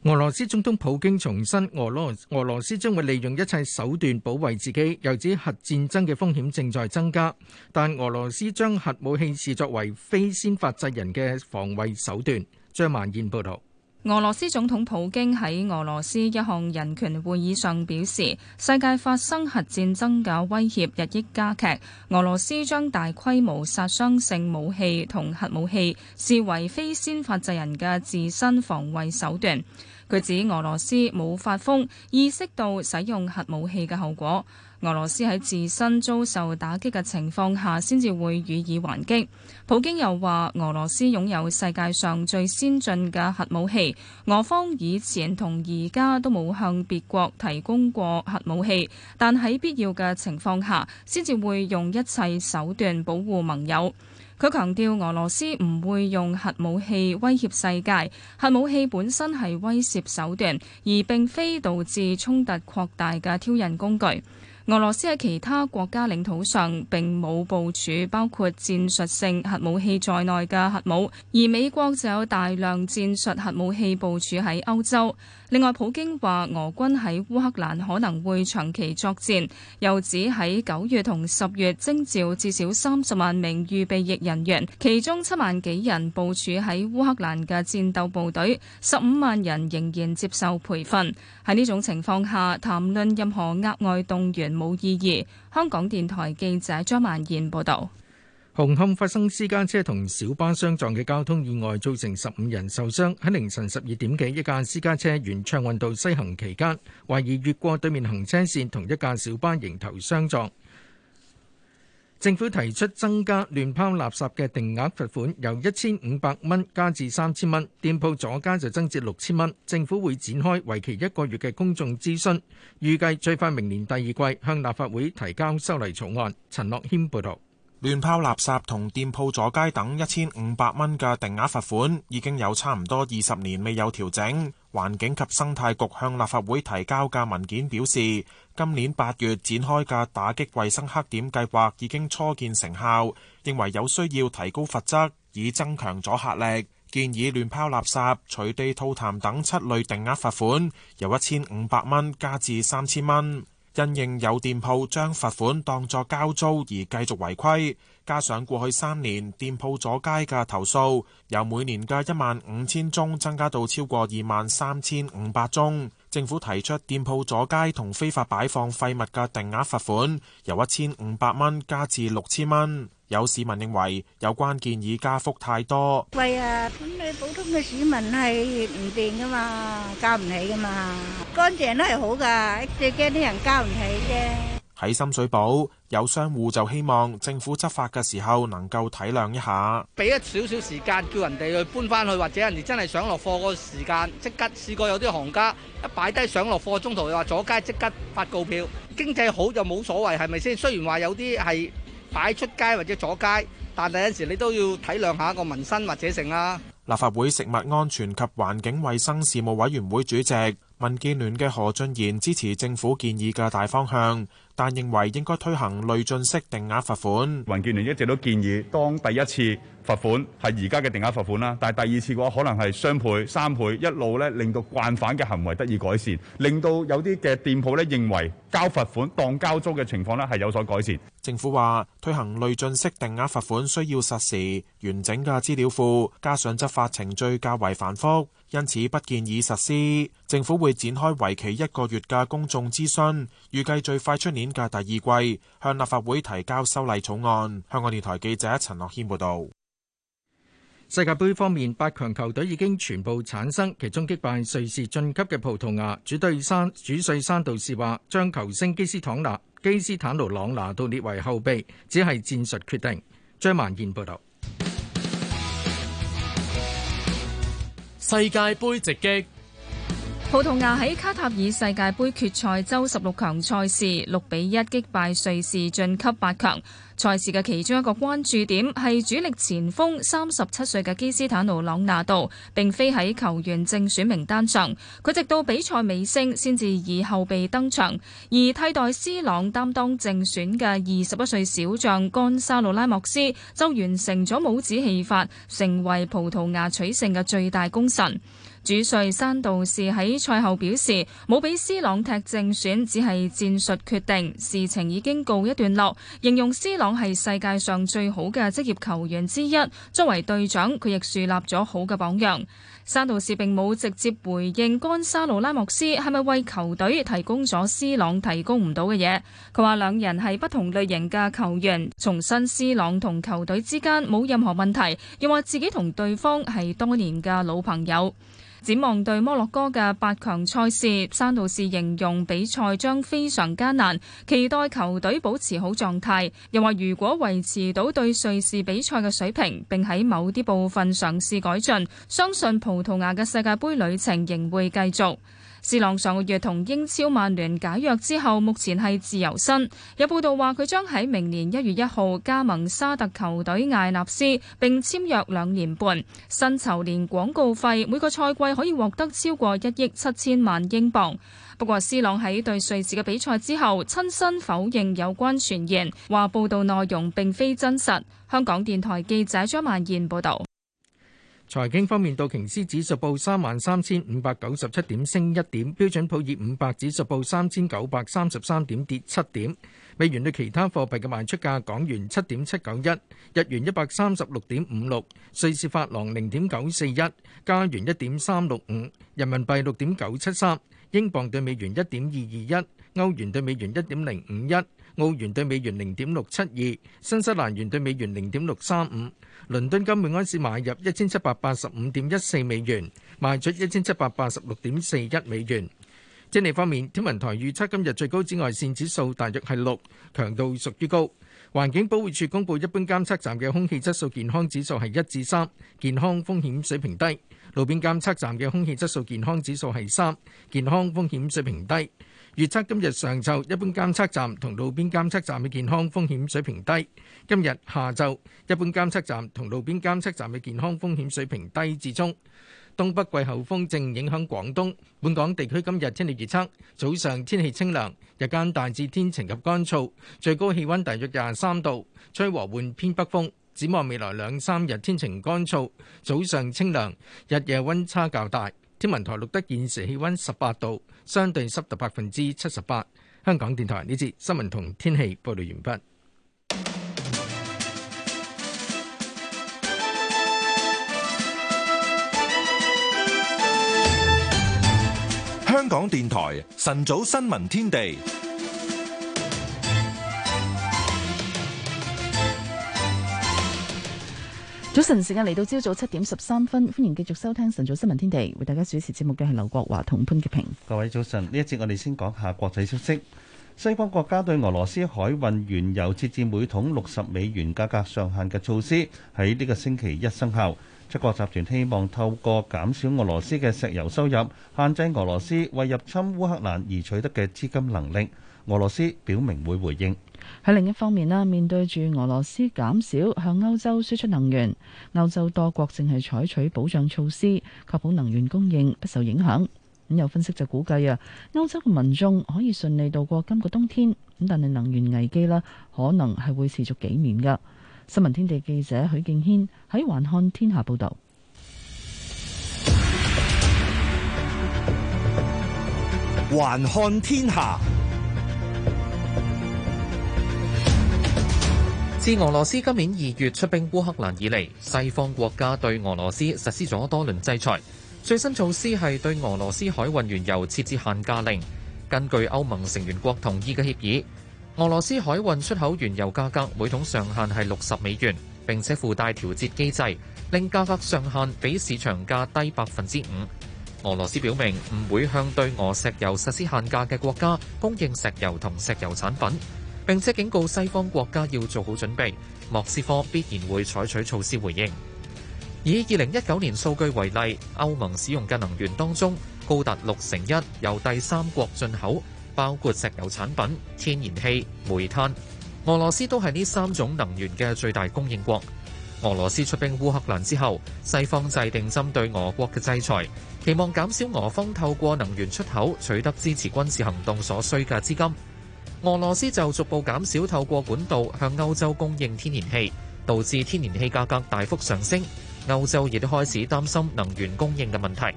俄羅斯總統普京重申，俄羅俄羅斯將會利用一切手段保衛自己，又指核戰爭嘅風險正在增加，但俄羅斯將核武器視作為非先發制人嘅防衛手段。張萬燕報道。俄羅斯總統普京喺俄羅斯一項人權會議上表示，世界發生核戰爭嘅威脅日益加劇。俄羅斯將大規模殺傷性武器同核武器視為非先發制人嘅自身防衛手段。佢指俄羅斯冇發瘋，意識到使用核武器嘅後果。俄羅斯喺自身遭受打擊嘅情況下，先至會予以還擊。普京又話：俄羅斯擁有世界上最先進嘅核武器，俄方以前同而家都冇向別國提供過核武器，但喺必要嘅情況下，先至會用一切手段保護盟友。佢強調，俄羅斯唔會用核武器威脅世界，核武器本身係威脅手段，而並非導致衝突擴大嘅挑釁工具。俄羅斯喺其他國家領土上並冇部署包括戰術性核武器在內嘅核武，而美國就有大量戰術核武器部署喺歐洲。另外，普京話俄軍喺烏克蘭可能會長期作戰，又指喺九月同十月徵召至少三十萬名預備役人員，其中七萬幾人部署喺烏克蘭嘅戰鬥部隊，十五萬人仍然接受培訓，喺呢種情況下，談論任何額外動員冇意義。香港電台記者張曼燕報道。紅磡發生私家車同小巴相撞嘅交通意外，造成十五人受傷。喺凌晨十二點幾，一架私家車沿暢運道西行期間，懷疑越過對面行車線，同一架小巴迎頭相撞。政府提出增加亂拋垃圾嘅定額罰款，由一千五百蚊加至三千蚊，店鋪左間就增至六千蚊。政府會展開為期一個月嘅公眾諮詢，預計最快明年第二季向立法會提交修例草案。陳樂謙報道。亂拋垃圾同店鋪阻街等一千五百蚊嘅定額罰款已經有差唔多二十年未有調整。環境及生態局向立法會提交嘅文件表示，今年八月展開嘅打擊衛生黑點計劃已經初見成效，認為有需要提高罰則以增強阻嚇力，建議亂拋垃圾、隨地吐痰等七類定額罰款由一千五百蚊加至三千蚊。因應有店鋪將罰款當作交租而繼續違規，加上過去三年店鋪阻街嘅投訴，由每年嘅一萬五千宗增加到超過二萬三千五百宗，政府提出，店鋪阻街同非法擺放廢物嘅定額罰款由一千五百蚊加至六千蚊。有市民認為有關建議加幅太多，喂啊！咁你普通嘅市民係唔掂噶嘛，交唔起噶嘛。乾淨都係好噶，最驚啲人交唔起啫。喺深水埗，有商戶就希望政府執法嘅時候能夠體諒一下，俾一少少時間叫人哋去搬翻去，或者人哋真係上落貨個時間即刻。試過有啲行家一擺低上落貨中途又話阻街，即刻發告票。經濟好就冇所謂係咪先？雖然話有啲係。擺出街或者阻街，但係有陣時你都要體諒下個民生或者成啦。立法會食物安全及環境衛生事務委員會主席民建聯嘅何俊賢支持政府建議嘅大方向，但認為應該推行累進式定額罰款。民建聯一直都建議，當第一次。罰款係而家嘅定額罰款啦，但係第二次嘅話可能係雙倍、三倍，一路呢令到慣犯嘅行為得以改善，令到有啲嘅店鋪呢認為交罰款當交租嘅情況呢係有所改善。政府話推行累進式定額罰款需要實時完整嘅資料庫，加上執法程序較為繁複，因此不建議實施。政府會展開為期一個月嘅公眾諮詢，預計最快出年嘅第二季向立法會提交修例草案。香港電台記者陳樂軒報道。世界杯方面，八強球隊已經全部產生，其中擊敗瑞士晉級嘅葡萄牙主隊山主帥山度士話，將球星基斯坦拿、基斯坦奴朗拿度列為後備，只係戰術決定。張萬燕報道。世界杯直擊，葡萄牙喺卡塔爾世界杯決賽周十六強賽事六比一擊敗瑞士晉級八強。賽事嘅其中一個關注點係主力前鋒三十七歲嘅基斯坦奴·朗拿度，並非喺球員正選名單上，佢直到比賽尾聲先至以後備登場，而替代斯朗擔當正選嘅二十一歲小將甘沙魯拉莫斯就完成咗帽子戲法，成為葡萄牙取勝嘅最大功臣。主帥山道士喺賽後表示，冇俾斯朗踢正選，只係戰術決定，事情已經告一段落。形容斯朗係世界上最好嘅職業球員之一，作為隊長，佢亦樹立咗好嘅榜樣。山道士並冇直接回應干沙羅拉莫斯係咪為球隊提供咗斯朗提供唔到嘅嘢。佢話兩人係不同類型嘅球員，重申斯朗同球隊之間冇任何問題，又話自己同對方係多年嘅老朋友。展望對摩洛哥嘅八強賽事，山度士形容比賽將非常艱難，期待球隊保持好狀態。又話如果維持到對瑞士比賽嘅水平，並喺某啲部分嘗試改進，相信葡萄牙嘅世界杯旅程仍會繼續。斯朗上個月同英超曼聯解約之後，目前係自由身。有報道話佢將喺明年一月一號加盟沙特球隊艾納斯，並簽約兩年半，薪酬連廣告費每個賽季可以獲得超過一億七千萬英鎊。不過，斯朗喺對瑞士嘅比賽之後，親身否認有關傳言，話報道內容並非真實。香港電台記者張曼燕報導。財經方面，道瓊斯指數報三萬三千五百九十七點，升一點；標準普爾五百指數報三千九百三十三點，跌七點。美元對其他貨幣嘅賣出價：港元七點七九一，日元一百三十六點五六，瑞士法郎零點九四一，加元一點三六五，人民幣六點九七三，英鎊對美元一點二二一，歐元對美元一點零五一。澳元對美元零點六七二，新西蘭元對美元零點六三五，倫敦金每盎司買入一千七百八十五點一四美元，賣出一千七百八十六點四一美元。天氣方面，天文台預測今日最高紫外線指數大約係六，強度屬於高。環境保護署公佈一般監測站嘅空氣質素健康指數係一至三，健康風險水平低。路邊監測站嘅空氣質素健康指數係三，健康風險水平低。預測今日上晝一般監測站同路邊監測站嘅健康風險水平低。今日下晝一般監測站同路邊監測站嘅健康風險水平低至中。東北季候風正影響廣東，本港地區今日天氣預測：早上天氣清涼，日間大致天晴及乾燥，最高氣溫大約廿三度，吹和緩偏北風。展望未來兩三日天晴乾燥，早上清涼，日夜溫差較大。天文台錄得現時氣溫十八度，相對濕度百分之七十八。香港電台呢節新聞同天氣報道完畢。香港電台晨早新聞天地。早晨，時間嚟到朝早七點十三分，歡迎繼續收聽晨早新聞天地，為大家主持節目嘅係劉國華同潘潔平。各位早晨，呢一節我哋先講下國際消息。西方國家對俄羅斯海運原油設置每桶六十美元價格上限嘅措施，喺呢個星期一生效。七國集團希望透過減少俄羅斯嘅石油收入，限制俄羅斯為入侵烏克蘭而取得嘅資金能力。俄羅斯表明會回應。喺另一方面啦，面對住俄羅斯減少向歐洲輸出能源，歐洲多國正係採取保障措施，確保能源供應不受影響。咁有分析就估計啊，歐洲嘅民眾可以順利度過今個冬天。咁但係能源危機啦，可能係會持續幾年噶。新聞天地記者許敬軒喺《環看天下》報道，《環看天下》。自俄羅斯今年二月出兵烏克蘭以嚟，西方國家對俄羅斯實施咗多輪制裁。最新措施係對俄羅斯海運原油設置限價令，根據歐盟成員國同意嘅協議，俄羅斯海運出口原油價格每桶上限係六十美元，並且附帶調節機制，令價格上限比市場價低百分之五。俄羅斯表明唔會向對俄石油實施限價嘅國家供應石油同石油產品。並且警告西方國家要做好準備，莫斯科必然會採取措施回應。以二零一九年數據為例，歐盟使用嘅能源當中，高達六成一由第三國進口，包括石油產品、天然氣、煤炭。俄羅斯都係呢三種能源嘅最大供應國。俄羅斯出兵烏克蘭之後，西方制定針對俄國嘅制裁，期望減少俄方透過能源出口取得支持軍事行動所需嘅資金。俄羅斯就逐步減少透過管道向歐洲供應天然氣，導致天然氣價格大幅上升。歐洲亦都開始擔心能源供應嘅問題。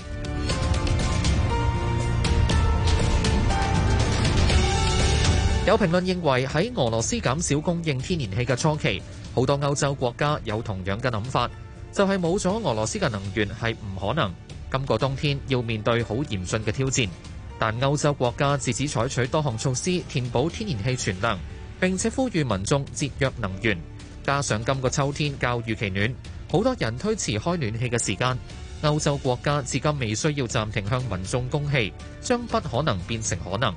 有評論認為，喺俄羅斯減少供應天然氣嘅初期，好多歐洲國家有同樣嘅諗法，就係冇咗俄羅斯嘅能源係唔可能。今個冬天要面對好嚴峻嘅挑戰。但歐洲國家自此採取多項措施填補天然氣存量，並且呼籲民眾節約能源。加上今個秋天較預期暖，好多人推遲開暖氣嘅時間。歐洲國家至今未需要暫停向民眾供氣，將不可能變成可能。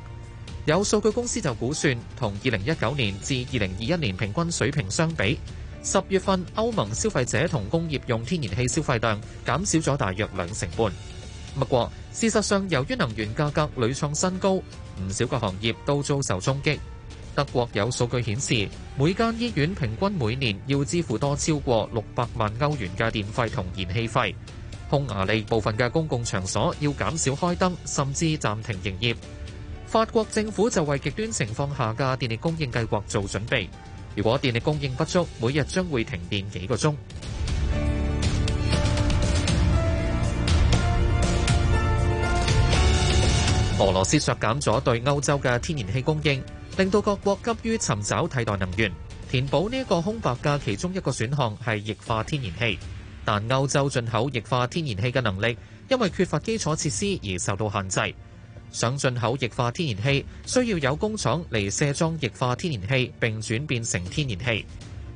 有數據公司就估算，同二零一九年至二零二一年平均水平相比，十月份歐盟消費者同工業用天然氣消費量減少咗大約兩成半。不過，事實上，由於能源價格屢創新高，唔少嘅行業都遭受衝擊。德國有數據顯示，每間醫院平均每年要支付多超過六百萬歐元嘅電費同燃氣費。匈牙利部分嘅公共場所要減少開燈，甚至暫停營業。法國政府就為極端情況下嘅電力供應計劃做準備。如果電力供應不足，每日將會停電幾個鐘。俄羅斯削減咗對歐洲嘅天然氣供應，令到各國急於尋找替代能源，填補呢個空白嘅其中一個選項係液化天然氣。但歐洲進口液化天然氣嘅能力因為缺乏基礎設施而受到限制。想進口液化天然氣，需要有工廠嚟卸裝液化天然氣，並轉變成天然氣。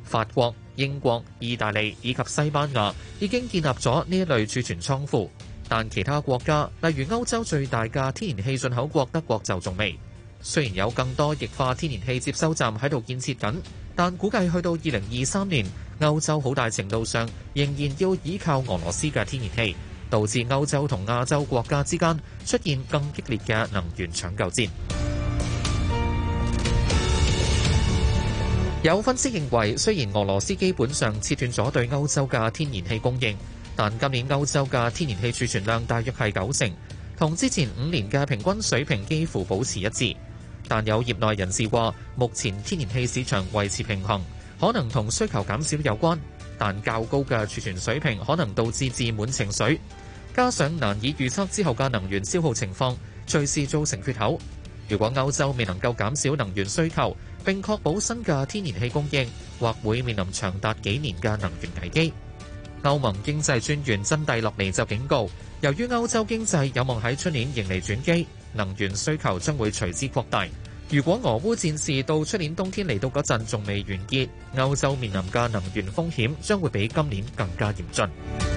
法國、英國、意大利以及西班牙已經建立咗呢一類儲存倉庫。但其他國家，例如歐洲最大嘅天然氣進口國德國就仲未。雖然有更多液化天然氣接收站喺度建設緊，但估計去到二零二三年，歐洲好大程度上仍然要依靠俄羅斯嘅天然氣，導致歐洲同亞洲國家之間出現更激烈嘅能源搶救戰。有分析認為，雖然俄羅斯基本上切斷咗對歐洲嘅天然氣供應。但今年歐洲嘅天然氣儲存量大約係九成，同之前五年嘅平均水平幾乎保持一致。但有業內人士話，目前天然氣市場維持平衡，可能同需求減少有關，但較高嘅儲存水平可能導致自滿情緒，加上難以預測之後嘅能源消耗情況，隨時造成缺口。如果歐洲未能夠減少能源需求，並確保新嘅天然氣供應，或會面臨長達幾年嘅能源危機。歐盟經濟專員真蒂洛尼就警告，由於歐洲經濟有望喺出年迎嚟轉機，能源需求將會隨之擴大。如果俄烏戰事到出年冬天嚟到嗰陣仲未完結，歐洲面臨嘅能源風險將會比今年更加嚴峻。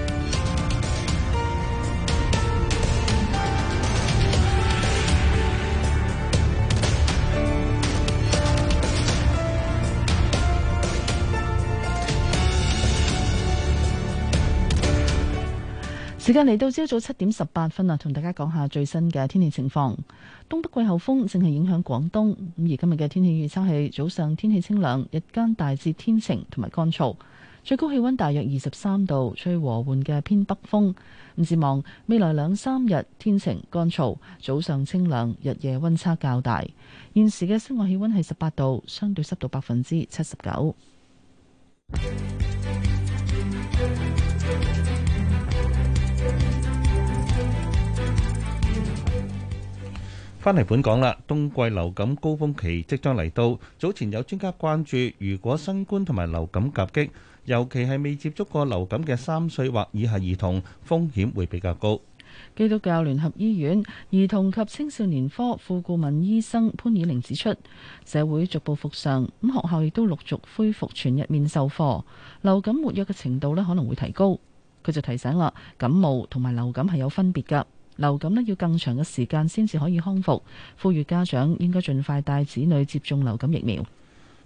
時間嚟到朝早七點十八分啊，同大家講下最新嘅天氣情況。東北季候風正係影響廣東，而今日嘅天氣預測係早上天氣清涼，日間大致天晴同埋乾燥，最高氣溫大約二十三度，吹和緩嘅偏北風。咁展望未來兩三日天晴乾燥，早上清涼，日夜溫差較大。現時嘅室外氣溫係十八度，相對濕度百分之七十九。翻嚟本港啦，冬季流感高峰期即將嚟到。早前有專家關注，如果新冠同埋流感夾擊，尤其係未接觸過流感嘅三歲或以下兒童，風險會比較高。基督教聯合醫院兒童及青少年科副顧問醫生潘以玲指出，社會逐步復常，咁學校亦都陸續恢復全日面授課，流感活躍嘅程度咧可能會提高。佢就提醒啦，感冒同埋流感係有分別㗎。流感呢要更長嘅時間先至可以康復，呼籲家長應該盡快帶子女接種流感疫苗。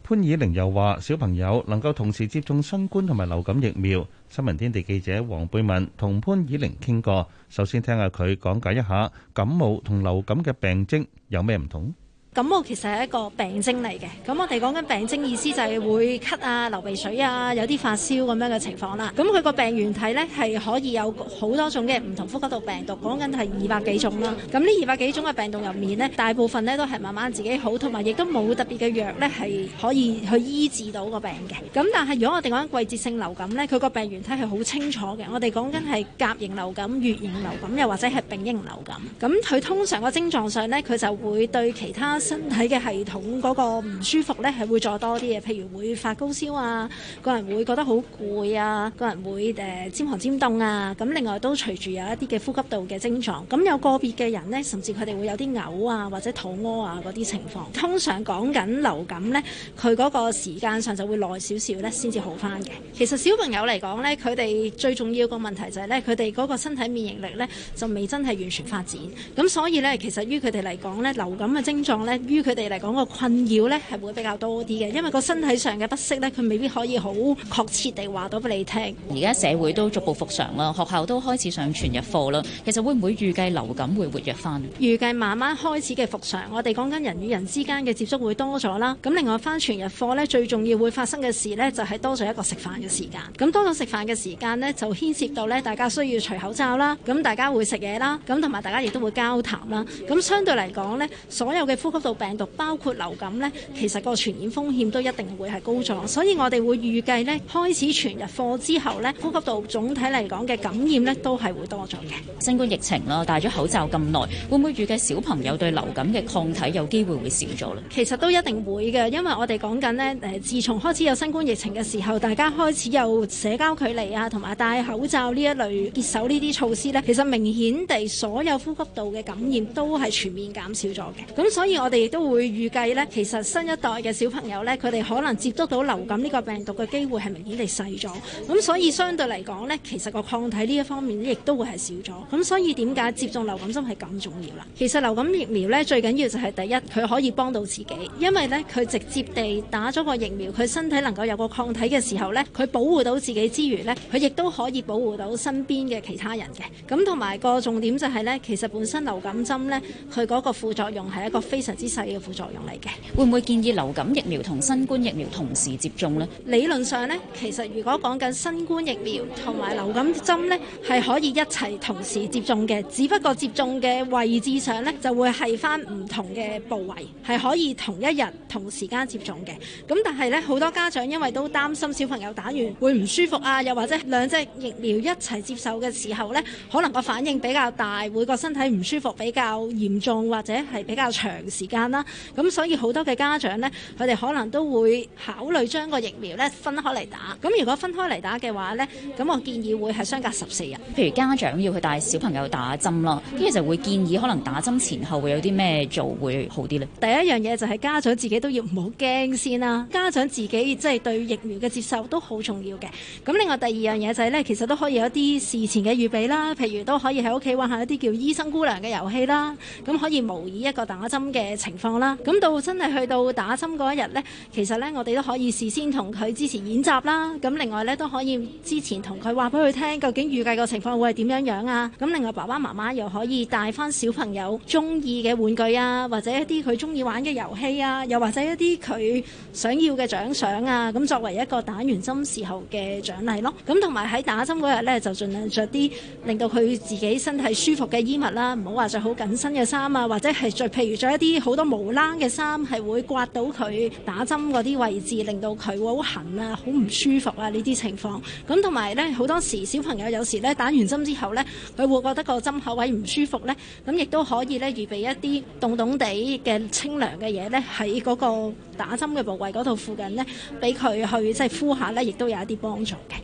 潘以玲又話：小朋友能夠同時接種新冠同埋流感疫苗。新聞天地記者黃貝敏同潘以玲傾過，首先聽下佢講解一下感冒同流感嘅病徵有咩唔同。感冒其實係一個病徵嚟嘅，咁我哋講緊病徵意思就係會咳啊、流鼻水啊、有啲發燒咁樣嘅情況啦。咁佢個病原體呢，係可以有好多種嘅唔同呼吸道病毒，講緊係二百幾種啦。咁呢二百幾種嘅病毒入面呢，大部分呢都係慢慢自己好，同埋亦都冇特別嘅藥呢係可以去醫治到個病嘅。咁但係如果我哋講緊季節性流感呢，佢個病原體係好清楚嘅。我哋講緊係甲型流感、乙型流感，又或者係丙型流感。咁佢通常個症狀上呢，佢就會對其他身體嘅系統嗰個唔舒服呢，係會再多啲嘢。譬如會發高燒啊，個人會覺得好攰啊，個人會誒、呃、沾寒沾凍啊，咁另外都隨住有一啲嘅呼吸道嘅症狀，咁有個別嘅人呢，甚至佢哋會有啲嘔啊或者肚屙啊嗰啲情況。通常講緊流感呢，佢嗰個時間上就會耐少少呢先至好翻嘅。其實小朋友嚟講呢，佢哋最重要個問題就係呢，佢哋嗰個身體免疫力呢，就未真係完全發展，咁所以呢，其實於佢哋嚟講呢，流感嘅症狀呢。於佢哋嚟講，個困擾呢係會比較多啲嘅，因為個身體上嘅不適呢，佢未必可以好確切地話到俾你聽。而家社會都逐步復常啦，學校都開始上全日課啦。其實會唔會預計流感會活躍翻？預計慢慢開始嘅復常，我哋講緊人與人之間嘅接觸會多咗啦。咁另外翻全日課呢，最重要會發生嘅事呢，就係多咗一個食飯嘅時間。咁多咗食飯嘅時間呢，就牽涉到呢，大家需要除口罩啦，咁大家會食嘢啦，咁同埋大家亦都會交談啦。咁相對嚟講呢，所有嘅呼吸到病毒包括流感咧，其實個傳染風險都一定會係高咗，所以我哋會預計咧，開始全日課之後咧，呼吸道總體嚟講嘅感染咧都係會多咗嘅。新冠疫情啦，戴咗口罩咁耐，會唔會預計小朋友對流感嘅抗體有機會會少咗呢？其實都一定會嘅，因為我哋講緊呢，自從開始有新冠疫情嘅時候，大家開始有社交距離啊，同埋戴口罩呢一類，接手呢啲措施咧，其實明顯地所有呼吸道嘅感染都係全面減少咗嘅。咁所以我我哋都會預計咧，其實新一代嘅小朋友咧，佢哋可能接觸到流感呢個病毒嘅機會係明顯地細咗，咁所以相對嚟講咧，其實個抗體呢一方面亦都會係少咗，咁所以點解接種流感針係咁重要啦？其實流感疫苗咧，最緊要就係第一，佢可以幫到自己，因為咧佢直接地打咗個疫苗，佢身體能夠有個抗體嘅時候咧，佢保護到自己之餘咧，佢亦都可以保護到身邊嘅其他人嘅。咁同埋個重點就係咧，其實本身流感針咧，佢嗰個副作用係一個非常細嘅副作用嚟嘅，會唔會建議流感疫苗同新冠疫苗同時接種咧？理論上咧，其實如果講緊新冠疫苗同埋流感針咧，係可以一齊同時接種嘅，只不過接種嘅位置上咧就會係翻唔同嘅部位，係可以同一日同時間接種嘅。咁但係咧，好多家長因為都擔心小朋友打完會唔舒服啊，又或者兩隻疫苗一齊接受嘅時候咧，可能個反應比較大，會個身體唔舒服比較嚴重或者係比較長時間啦，咁所以好多嘅家長呢，佢哋可能都會考慮將個疫苗呢分開嚟打。咁如果分開嚟打嘅話呢，咁我建議會係相隔十四日。譬如家長要去帶小朋友打針啦，跟住就會建議可能打針前後會有啲咩做會好啲呢？第一樣嘢就係家長自己都要唔好驚先啦、啊。家長自己即係對疫苗嘅接受都好重要嘅。咁另外第二樣嘢就係呢，其實都可以有一啲事前嘅預備啦。譬如都可以喺屋企玩下一啲叫醫生姑娘嘅遊戲啦。咁可以模擬一個打針嘅。情況啦，咁到真係去到打針嗰一日呢，其實呢，我哋都可以事先同佢之前演習啦，咁另外呢，都可以之前同佢話俾佢聽，究竟預計個情況會係點樣樣啊？咁另外爸爸媽媽又可以帶翻小朋友中意嘅玩具啊，或者一啲佢中意玩嘅遊戲啊，又或者一啲佢想要嘅獎賞啊，咁作為一個打完針時候嘅獎勵咯。咁同埋喺打針嗰日呢，就盡量着啲令到佢自己身體舒服嘅衣物啦，啊，唔好話着好緊身嘅衫啊，或者係着譬如着，着一啲。好多毛冷嘅衫係會刮到佢打針嗰啲位置，令到佢會好痕啊，好唔舒服啊呢啲情況。咁同埋咧，好多時小朋友有時咧打完針之後咧，佢會覺得個針口位唔舒服咧，咁亦都可以咧預備一啲凍凍地嘅清涼嘅嘢咧，喺嗰個打針嘅部位嗰度附近咧，俾佢去即係敷下咧，亦都有一啲幫助嘅。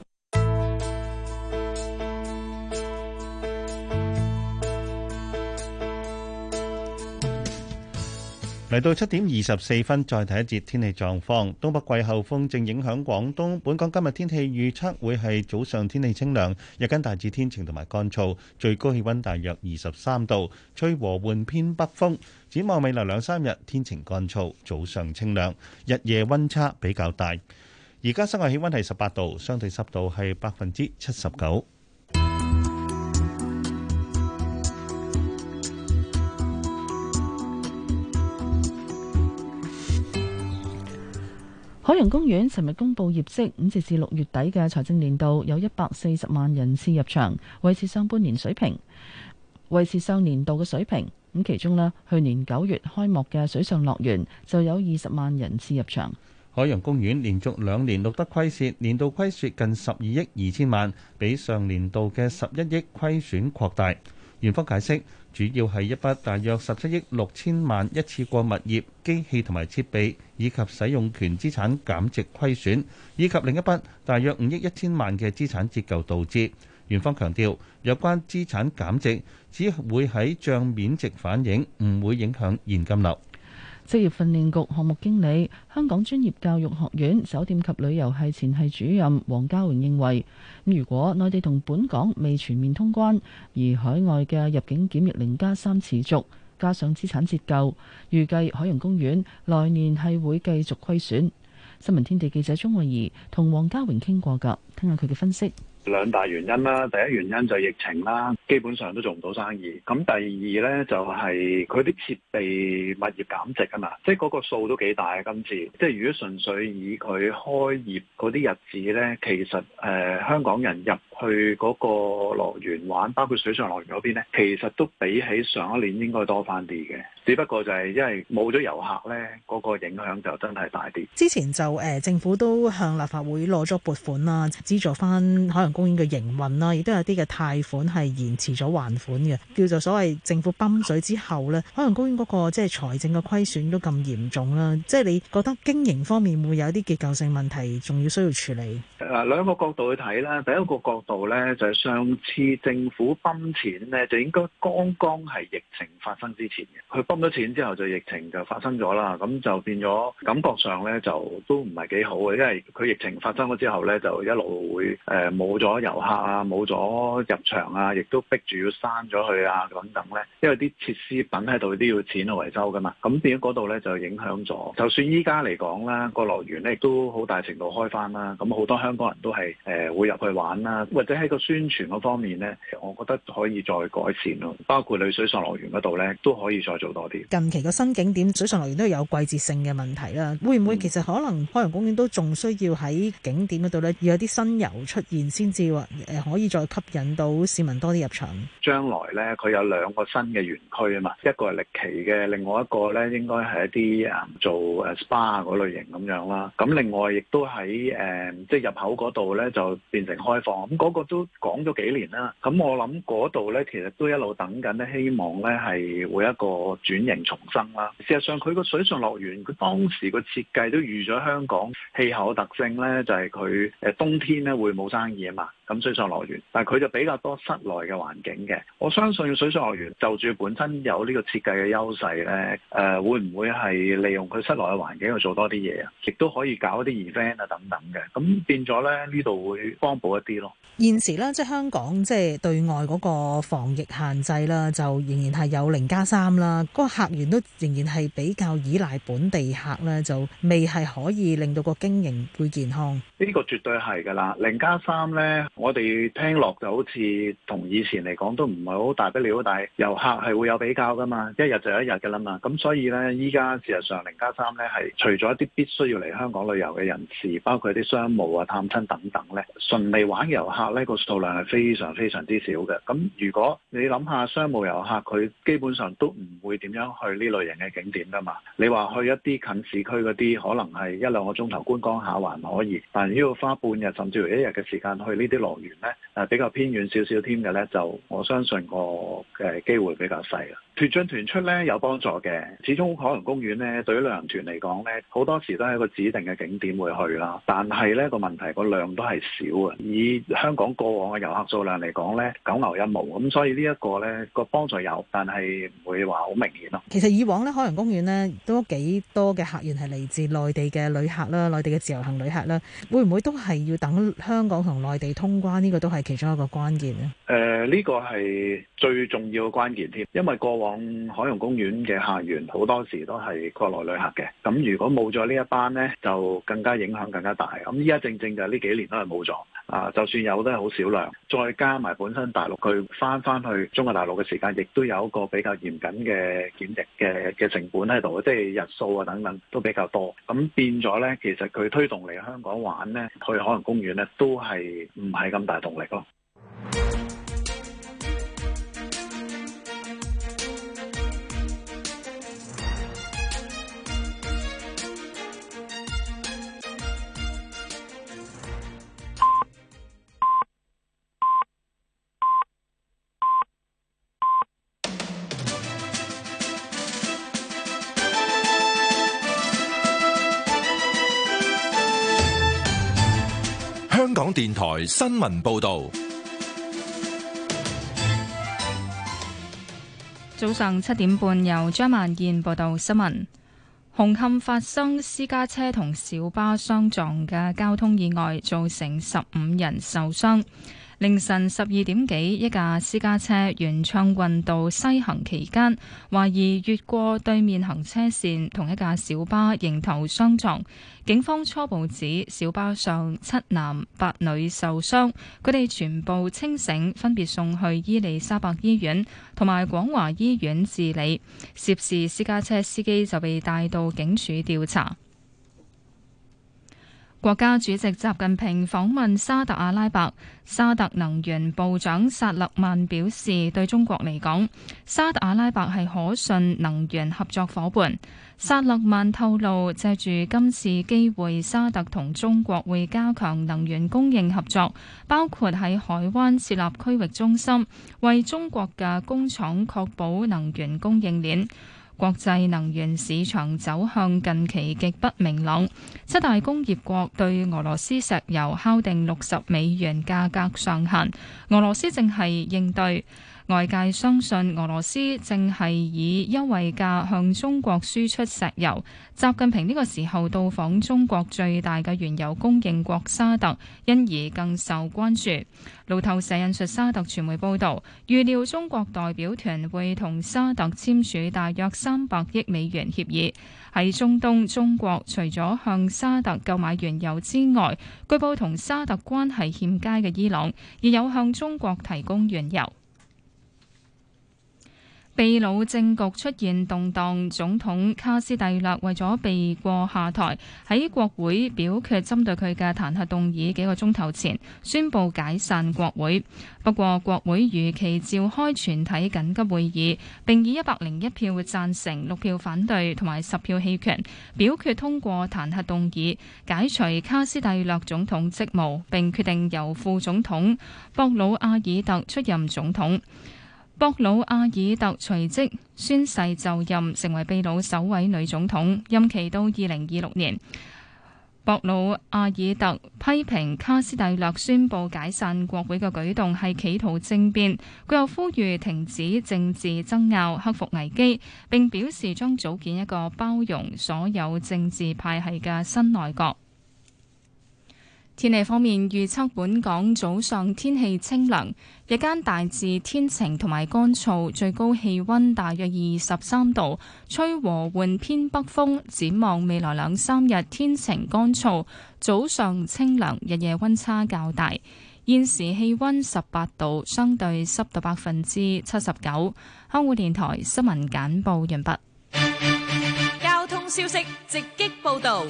嚟到七點二十四分，再睇一節天氣狀況。東北季候風正影響廣東，本港今日天氣預測會係早上天氣清涼，日間大致天晴同埋乾燥，最高氣温大約二十三度，吹和緩偏北風。展望未來兩三日天晴乾燥，早上清涼，日夜温差比較大。而家室外氣温係十八度，相對濕度係百分之七十九。海洋公園尋日公布業績，五至至六月底嘅財政年度有一百四十萬人次入場，維持上半年水平，維持上年度嘅水平。咁其中呢，去年九月開幕嘅水上樂園就有二十萬人次入場。海洋公園連續兩年錄得虧蝕，年度虧蝕近十二億二千萬，比上年度嘅十一億虧損擴大。園方解釋。主要係一筆大約十七億六千萬一次過物業、機器同埋設備以及使用權資產減值虧損，以及另一筆大約五億一千萬嘅資產折舊導致。元方強調，有關資產減值只會喺帳面值反映，唔會影響現金流。職業訓練局項目經理、香港專業教育學院酒店及旅遊系前系主任黃家榮認為，如果內地同本港未全面通關，而海外嘅入境檢疫零加三持續，加上資產折舊，預計海洋公園來年係會繼續虧損。新聞天地記者鍾慧儀同黃家榮傾過噶，聽下佢嘅分析。兩大原因啦，第一原因就係疫情啦，基本上都做唔到生意。咁第二呢，就係佢啲設備、物業減值啊嘛，即係嗰個數都幾大啊。今次即係如果純粹以佢開業嗰啲日子呢，其實誒、呃、香港人入去嗰個樂園玩，包括水上樂園嗰邊呢，其實都比起上一年應該多翻啲嘅。只不過就係因為冇咗遊客呢，嗰、嗰個影響就真係大啲。之前就誒、呃、政府都向立法會攞咗撥款啦，資助翻海洋。公園嘅營運啦，亦都有啲嘅貸款係延遲咗還款嘅，叫做所謂政府泵水之後咧，可能公園嗰個即係財政嘅虧損都咁嚴重啦。即係你覺得經營方面會有啲結構性問題，仲要需要處理？誒兩個角度去睇啦。第一個角度咧，就係上次政府泵錢咧，就應該剛剛係疫情發生之前嘅。佢泵咗錢之後，就疫情就發生咗啦。咁就變咗感覺上咧，就都唔係幾好嘅，因為佢疫情發生咗之後咧，就一路會誒冇咗。呃咗遊客啊，冇咗入場啊，亦都逼住要閂咗佢啊，等等咧，因為啲設施品喺度都要錢去維修噶嘛，咁變咗嗰度呢，就影響咗。就算依家嚟講啦，個樂園呢亦都好大程度開翻啦，咁好多香港人都係誒、呃、會入去玩啦，或者喺個宣傳嗰方面呢，我覺得可以再改善咯，包括你水上樂園嗰度呢，都可以再做多啲。近期個新景點水上樂園都有季節性嘅問題啦，會唔會其實可能海洋公園都仲需要喺景點嗰度呢？要有啲新遊出現先、嗯？至話誒可以再吸引到市民多啲入場。將來咧，佢有兩個新嘅園區啊嘛，一個係歷奇嘅，另外一個咧應該係一啲誒做誒 SPA 嗰類型咁樣啦。咁另外亦都喺誒、嗯、即係入口嗰度咧就變成開放。咁、那、嗰個都講咗幾年啦。咁我諗嗰度咧其實都一路等緊咧，希望咧係會一個轉型重生啦。事實上，佢個水上樂園佢當時個設計都預咗香港氣候特性咧，就係佢誒冬天咧會冇生意。咁水上樂園，但係佢就比較多室內嘅環境嘅。我相信水上樂園就住本身有呢個設計嘅優勢咧，誒、呃，會唔會係利用佢室內嘅環境去做多啲嘢啊？亦都可以搞一啲 event 啊等等嘅。咁變咗咧呢度會幫補一啲咯。現時咧即係香港即係、就是、對外嗰個防疫限制啦，就仍然係有零加三啦。嗰、那個客源都仍然係比較依賴本地客咧，就未係可以令到個經營會健康。呢、這個絕對係噶啦，零加三咧。我哋聽落就好似同以前嚟講都唔係好大不了，但係遊客係會有比較噶嘛，一日就一日噶啦嘛。咁所以呢，依家事實上零加三呢係除咗一啲必須要嚟香港旅遊嘅人士，包括啲商務啊、探親等等呢，順利玩遊客呢個數量係非常非常之少嘅。咁如果你諗下商務遊客，佢基本上都唔會點樣去呢類型嘅景點噶嘛。你話去一啲近市區嗰啲，可能係一兩個鐘頭觀光下還可以，但係要花半日甚至乎一日嘅時間去。呢啲樂園咧，啊、比較偏遠少少添嘅咧，就我相信個嘅機會比較細啦。團進團出咧有幫助嘅，始終海洋公園呢對於旅行團嚟講呢，好多時都係一個指定嘅景點會去啦。但係呢個問題個量都係少啊，以香港過往嘅遊客數量嚟講呢，九牛一毛。咁所以呢一個呢個幫助有，但係唔會話好明顯咯。其實以往呢海洋公園呢都幾多嘅客源係嚟自內地嘅旅客啦，內地嘅自由行旅客啦，會唔會都係要等香港同內地通關？呢、這個都係其中一個關鍵咧。誒、呃。呢、這個係最重要嘅關鍵添，因為過往海洋公園嘅客源好多時都係國內旅客嘅，咁如果冇咗呢一班呢，就更加影響更加大。咁依家正正就呢幾年都係冇咗啊，就算有都係，好少量，再加埋本身大陸佢翻翻去中國大陸嘅時間，亦都有一個比較嚴謹嘅檢疫嘅嘅成本喺度，即係日數啊等等都比較多。咁變咗呢，其實佢推動嚟香港玩呢，去海洋公園呢，都係唔係咁大動力咯。電台新聞報道，早上七點半由張萬燕報道新聞。紅磡發生私家車同小巴相撞嘅交通意外，造成十五人受傷。凌晨十二點幾，一架私家車原創運到西行期間，懷疑越過對面行車線，同一架小巴迎頭相撞。警方初步指，小巴上七男八女受傷，佢哋全部清醒，分別送去伊利沙伯醫院同埋廣華醫院治理。涉事私家車司機就被帶到警署調查。國家主席習近平訪問沙特阿拉伯，沙特能源部長薩勒曼表示，對中國嚟講，沙特阿拉伯係可信能源合作伙伴。薩勒曼透露，借住今次機會，沙特同中國會加強能源供應合作，包括喺海灣設立區域中心，為中國嘅工廠確保能源供應鏈。國際能源市場走向近期極不明朗，七大工業國對俄羅斯石油敲定六十美元價格上限，俄羅斯正係應對。外界相信，俄羅斯正係以優惠價向中國輸出石油。習近平呢個時候到訪中國最大嘅原油供應國沙特，因而更受關注。路透社引述沙特傳媒報道，預料中國代表團會同沙特簽署大約三百億美元協議。喺中東，中國除咗向沙特購買原油之外，據報同沙特關係欠佳嘅伊朗，亦有向中國提供原油。秘魯政局出現動盪，總統卡斯蒂略為咗避過下台，喺國會表決針對佢嘅彈劾動議幾個鐘頭前，宣布解散國會。不過國會如期召開全體緊急會議，並以一百零一票贊成、六票反對同埋十票棄權表決通過彈劾動議，解除卡斯蒂略總統職務，並決定由副總統博魯阿爾特出任總統。博魯阿爾特隨即宣誓就任，成為秘魯首位女總統，任期到二零二六年。博魯阿爾特批評卡斯蒂略宣布解散國會嘅舉動係企圖政變，佢又呼籲停止政治爭拗，克服危機，並表示將組建一個包容所有政治派系嘅新內閣。天氣方面，預測本港早上天氣清涼。日間大致天晴同埋乾燥，最高氣溫大約二十三度，吹和緩偏北風。展望未來兩三日天晴乾燥，早上清涼，日夜溫差較大。現時氣溫十八度，相對濕度百分之七十九。香港電台新聞簡報完畢。交通消息直擊報道。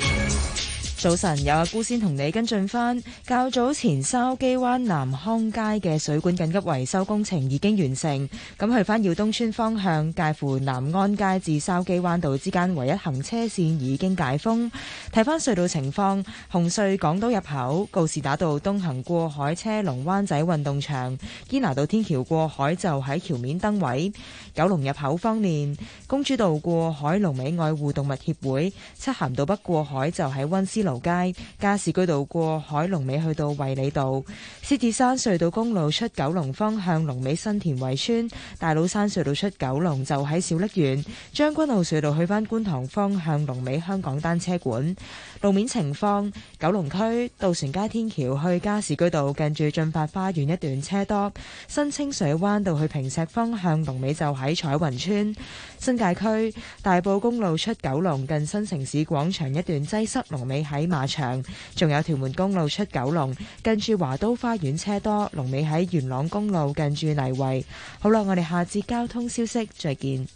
早晨，有阿姑先同你跟進翻。較早前筲箕灣南康街嘅水管緊急維修工程已經完成。咁去翻耀東村方向，介乎南安街至筲箕灣道之間唯一行車線已經解封。睇翻隧道情況，紅隧港島入口告士打道東行過海車龍，灣仔運動場堅拿道天橋過海就喺橋面登位。九龍入口方面，公主道過海龍尾愛護動物協會；漆咸道北過海就喺溫思勞街；加士居道過海龍尾去到衛理道；獅子山隧道公路出九龍方向龍尾新田圍村；大老山隧道出九龍就喺小瀝源；將軍澳隧道去返觀塘方向龍尾香港單車館。路面情況：九龍區渡船街天橋去加士居道近住駿發花園一段車多；新清水灣道去坪石方向龍尾就喺。喺彩雲，村新界區大埔公路出九龍近新城市廣場一段擠塞，龍尾喺馬場；仲有屯門公路出九龍近住華都花園車多，龍尾喺元朗公路近住泥圍。好啦，我哋下次交通消息再見。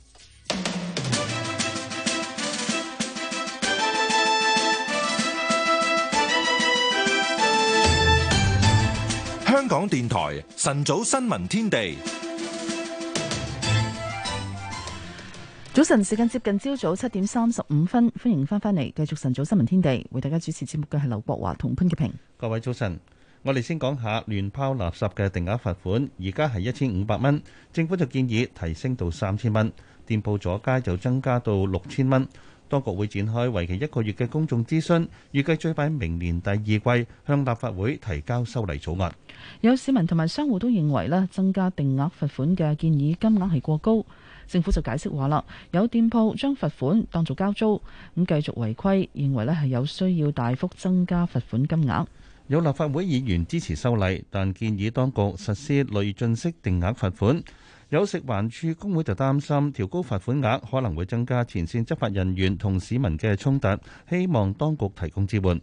香港電台晨早新聞天地。早晨，時間接近朝早七點三十五分，歡迎翻返嚟，繼續晨早新聞天地，為大家主持節目嘅係劉國華同潘潔平。各位早晨，我哋先講下亂拋垃圾嘅定額罰款，而家係一千五百蚊，政府就建議提升到三千蚊，店鋪阻街就增加到六千蚊，當局會展開為期一個月嘅公眾諮詢，預計最快明年第二季向立法會提交修例草案。有市民同埋商戶都認為咧，增加定額罰款嘅建議金額係過高。政府就解釋話啦，有店鋪將罰款當做交租咁繼續違規，認為係有需要大幅增加罰款金額。有立法會議員支持修例，但建議當局實施累進式定額罰款。有食環署工會就擔心調高罰款額可能會增加前線執法人員同市民嘅衝突，希望當局提供支援。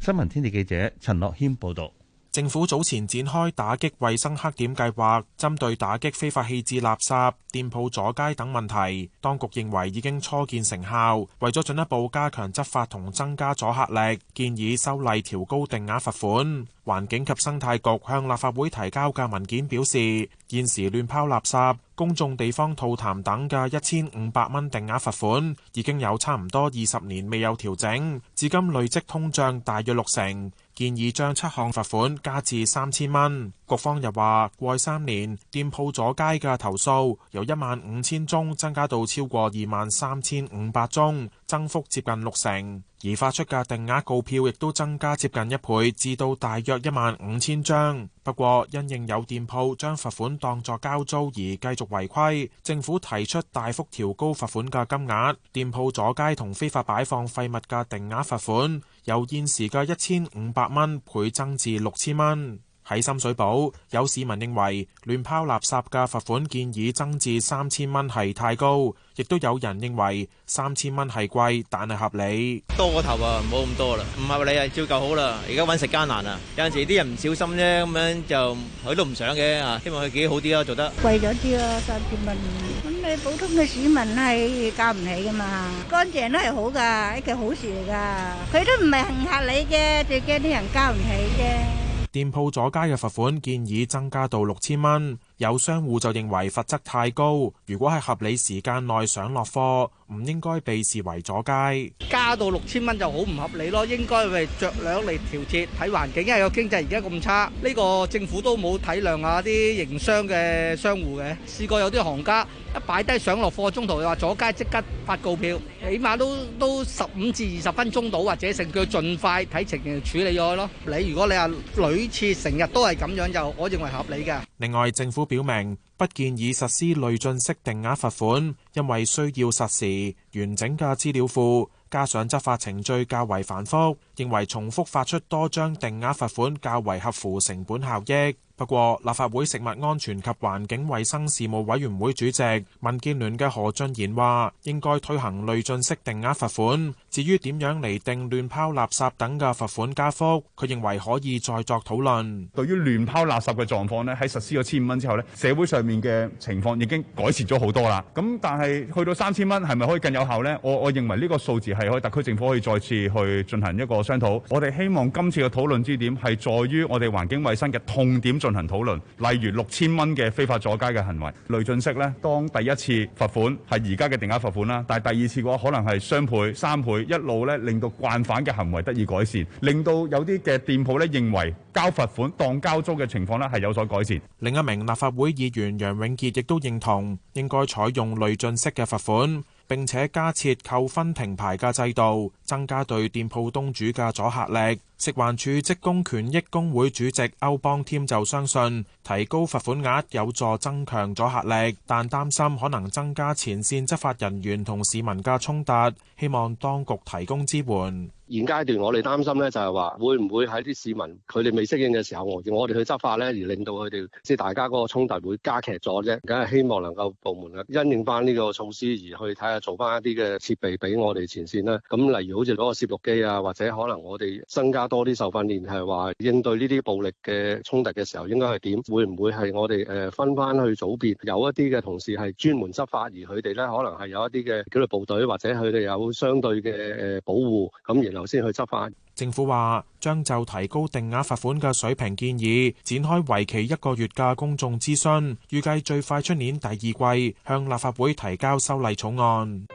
新聞天地記者陳樂軒報導。政府早前展開打擊衛生黑點計劃，針對打擊非法棄置垃圾、店鋪阻街等問題，當局認為已經初見成效。為咗進一步加強執法同增加阻嚇力，建議修例調高定額罰款。環境及生態局向立法會提交嘅文件表示，現時亂拋垃圾、公眾地方吐痰等嘅一千五百蚊定額罰款，已經有差唔多二十年未有調整，至今累積通脹大約六成。建議將七項罰款加至三千蚊。局方又話，過三年店鋪阻街嘅投訴由一萬五千宗增加到超過二萬三千五百宗，增幅接近六成。而發出嘅定額告票亦都增加接近一倍，至到大約一萬五千張。不過，因應有店鋪將罰款當作交租而繼續違規，政府提出大幅調高罰款嘅金額，店鋪阻街同非法擺放廢物嘅定額罰款，由現時嘅一千五百蚊倍增至六千蚊。喺深水埗，有市民認為亂拋垃圾嘅罰款建議增至三千蚊係太高，亦都有人認為三千蚊係貴，但係合理。多過頭啊，唔好咁多啦，唔合理啊，照舊好啦。而家搵食艱難啊，有陣時啲人唔小心啫，咁樣就佢都唔想嘅啊，希望佢自己好啲咯，做得貴咗啲咯，三千蚊咁你普通嘅市民係交唔起噶嘛，乾淨都係好噶，一件好事嚟噶，佢都唔係唔合理嘅，最驚啲人交唔起嘅。店鋪阻街嘅罰款建議增加到六千蚊。有商戶就認為罰則太高，如果係合理時間內上落貨，唔應該被視為阻街。加到六千蚊就好唔合理囉，應該係酌量嚟調節，睇環境，因為個經濟而家咁差。呢個政府都冇體諒下，啲營商嘅商戶嘅。試過有啲行家，一擺低上落貨中途又話阻街即刻發告票，起碼都十五至二十分鐘到，或者成，盡快，睇情形處理咗咯。你如果你話屢次，成日都係咁樣，就我認為合理嘅。另外，政府表明不建議實施累進式定額罰款，因為需要實時完整嘅資料庫，加上執法程序較為繁複，認為重複發出多張定額罰款較為合乎成本效益。不過，立法會食物安全及環境衛生事務委員會主席民建聯嘅何俊賢話，應該推行累進式定額罰款。至於點樣嚟定亂拋垃圾等嘅罰款加幅，佢認為可以再作討論。對於亂拋垃圾嘅狀況呢，喺實施咗千五蚊之後呢，社會上面嘅情況已經改善咗好多啦。咁但係去到三千蚊係咪可以更有效呢？我我認為呢個數字係可以特區政府可以再次去進行一個商討。我哋希望今次嘅討論之點係在於我哋環境衛生嘅痛點進。進行討論，例如六千蚊嘅非法阻街嘅行為，累進式咧，當第一次罰款係而家嘅定額罰款啦，但係第二次嘅話可能係雙倍、三倍，一路咧，令到慣犯嘅行為得以改善，令到有啲嘅店鋪咧，認為交罰款當交租嘅情況咧，係有所改善。另一名立法會議員楊永傑亦都認同應該採用累進式嘅罰款，並且加設扣分停牌嘅制度，增加對店鋪東主嘅阻嚇力。食環署職工權益工會主席歐邦添就相信提高罰款額有助增強咗合力，但擔心可能增加前線執法人員同市民嘅衝突，希望當局提供支援。現階段我哋擔心呢，就係話會唔會喺啲市民佢哋未適應嘅時候，我哋去執法呢，而令到佢哋即係大家嗰個衝突會加劇咗啫。梗係希望能夠部門啊，因應翻呢個措施而去睇下做翻一啲嘅設備俾我哋前線啦。咁例如好似嗰個攝錄機啊，或者可能我哋增加。多啲受訓練，係話應對呢啲暴力嘅衝突嘅時候應該係點？會唔會係我哋誒分翻去組別？有一啲嘅同事係專門執法，而佢哋咧可能係有一啲嘅紀律部隊，或者佢哋有相對嘅誒保護，咁然後先去執法。政府話將就提高定額罰款嘅水平，建議展開為期一個月嘅公眾諮詢，預計最快出年第二季向立法會提交修例草案。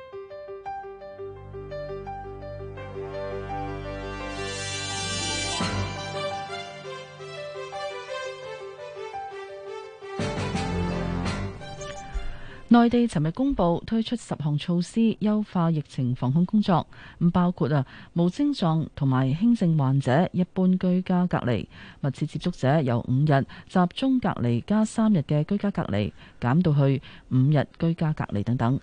內地尋日公布推出十項措施優化疫情防控工作，咁包括啊無症狀同埋輕症患者一般居家隔離，密切接觸者由五日集中隔離加三日嘅居家隔離減到去五日居家隔離等等。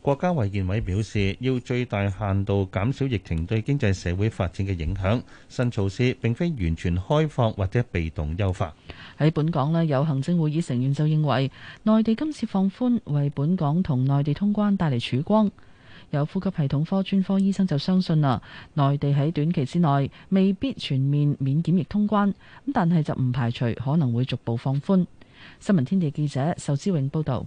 國家衛健委表示，要最大限度減少疫情對經濟社會發展嘅影響，新措施並非完全開放或者被動優化。喺本港咧，有行政會議成員就認為，內地今次放寬為本港同內地通關帶嚟曙光。有呼吸系統科專科醫生就相信啦，內地喺短期之內未必全面免檢疫通關，咁但係就唔排除可能會逐步放寬。新聞天地記者壽之永報導。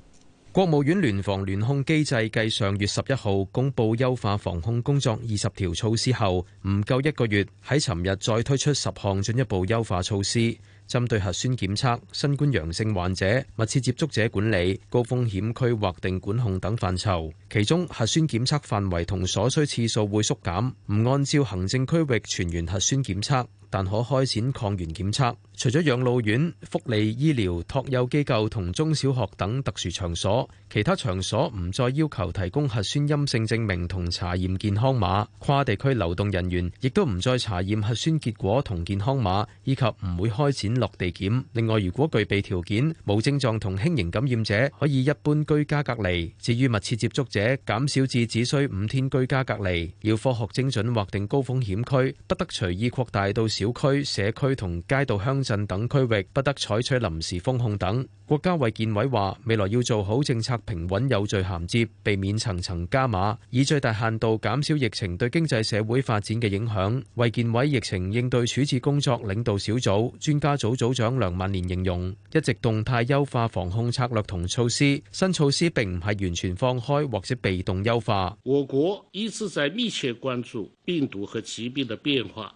國務院聯防聯控機制繼上月十一號公布優化防控工作二十條措施後，唔夠一個月，喺尋日再推出十項進一步優化措施，針對核酸檢測、新冠陽性患者、密切接觸者管理、高風險區劃定管控等範疇。其中，核酸檢測範圍同所需次數會縮減，唔按照行政區域全員核酸檢測。但可開展抗原檢測。除咗養老院、福利醫療、托幼機構同中小學等特殊場所，其他場所唔再要求提供核酸陰性證明同查驗健康碼。跨地區流動人員亦都唔再查驗核酸結果同健康碼，以及唔會開展落地檢。另外，如果具備條件，無症狀同輕型感染者可以一般居家隔離。至於密切接觸者，減少至只需五天居家隔離。要科學精準劃定高風險區，不得隨意擴大到。小區、社區同街道、鄉鎮等區域不得採取臨時封控等。國家衛健委話，未來要做好政策平穩有序銜接，避免層層加碼，以最大限度減少疫情對經濟社會發展嘅影響。衛健委疫情應對處置工作領導小組專家組組長梁萬年形容，一直動態優化防控策略同措施，新措施並唔係完全放開或者被動優化。我國一直在密切關注病毒和疾病的變化。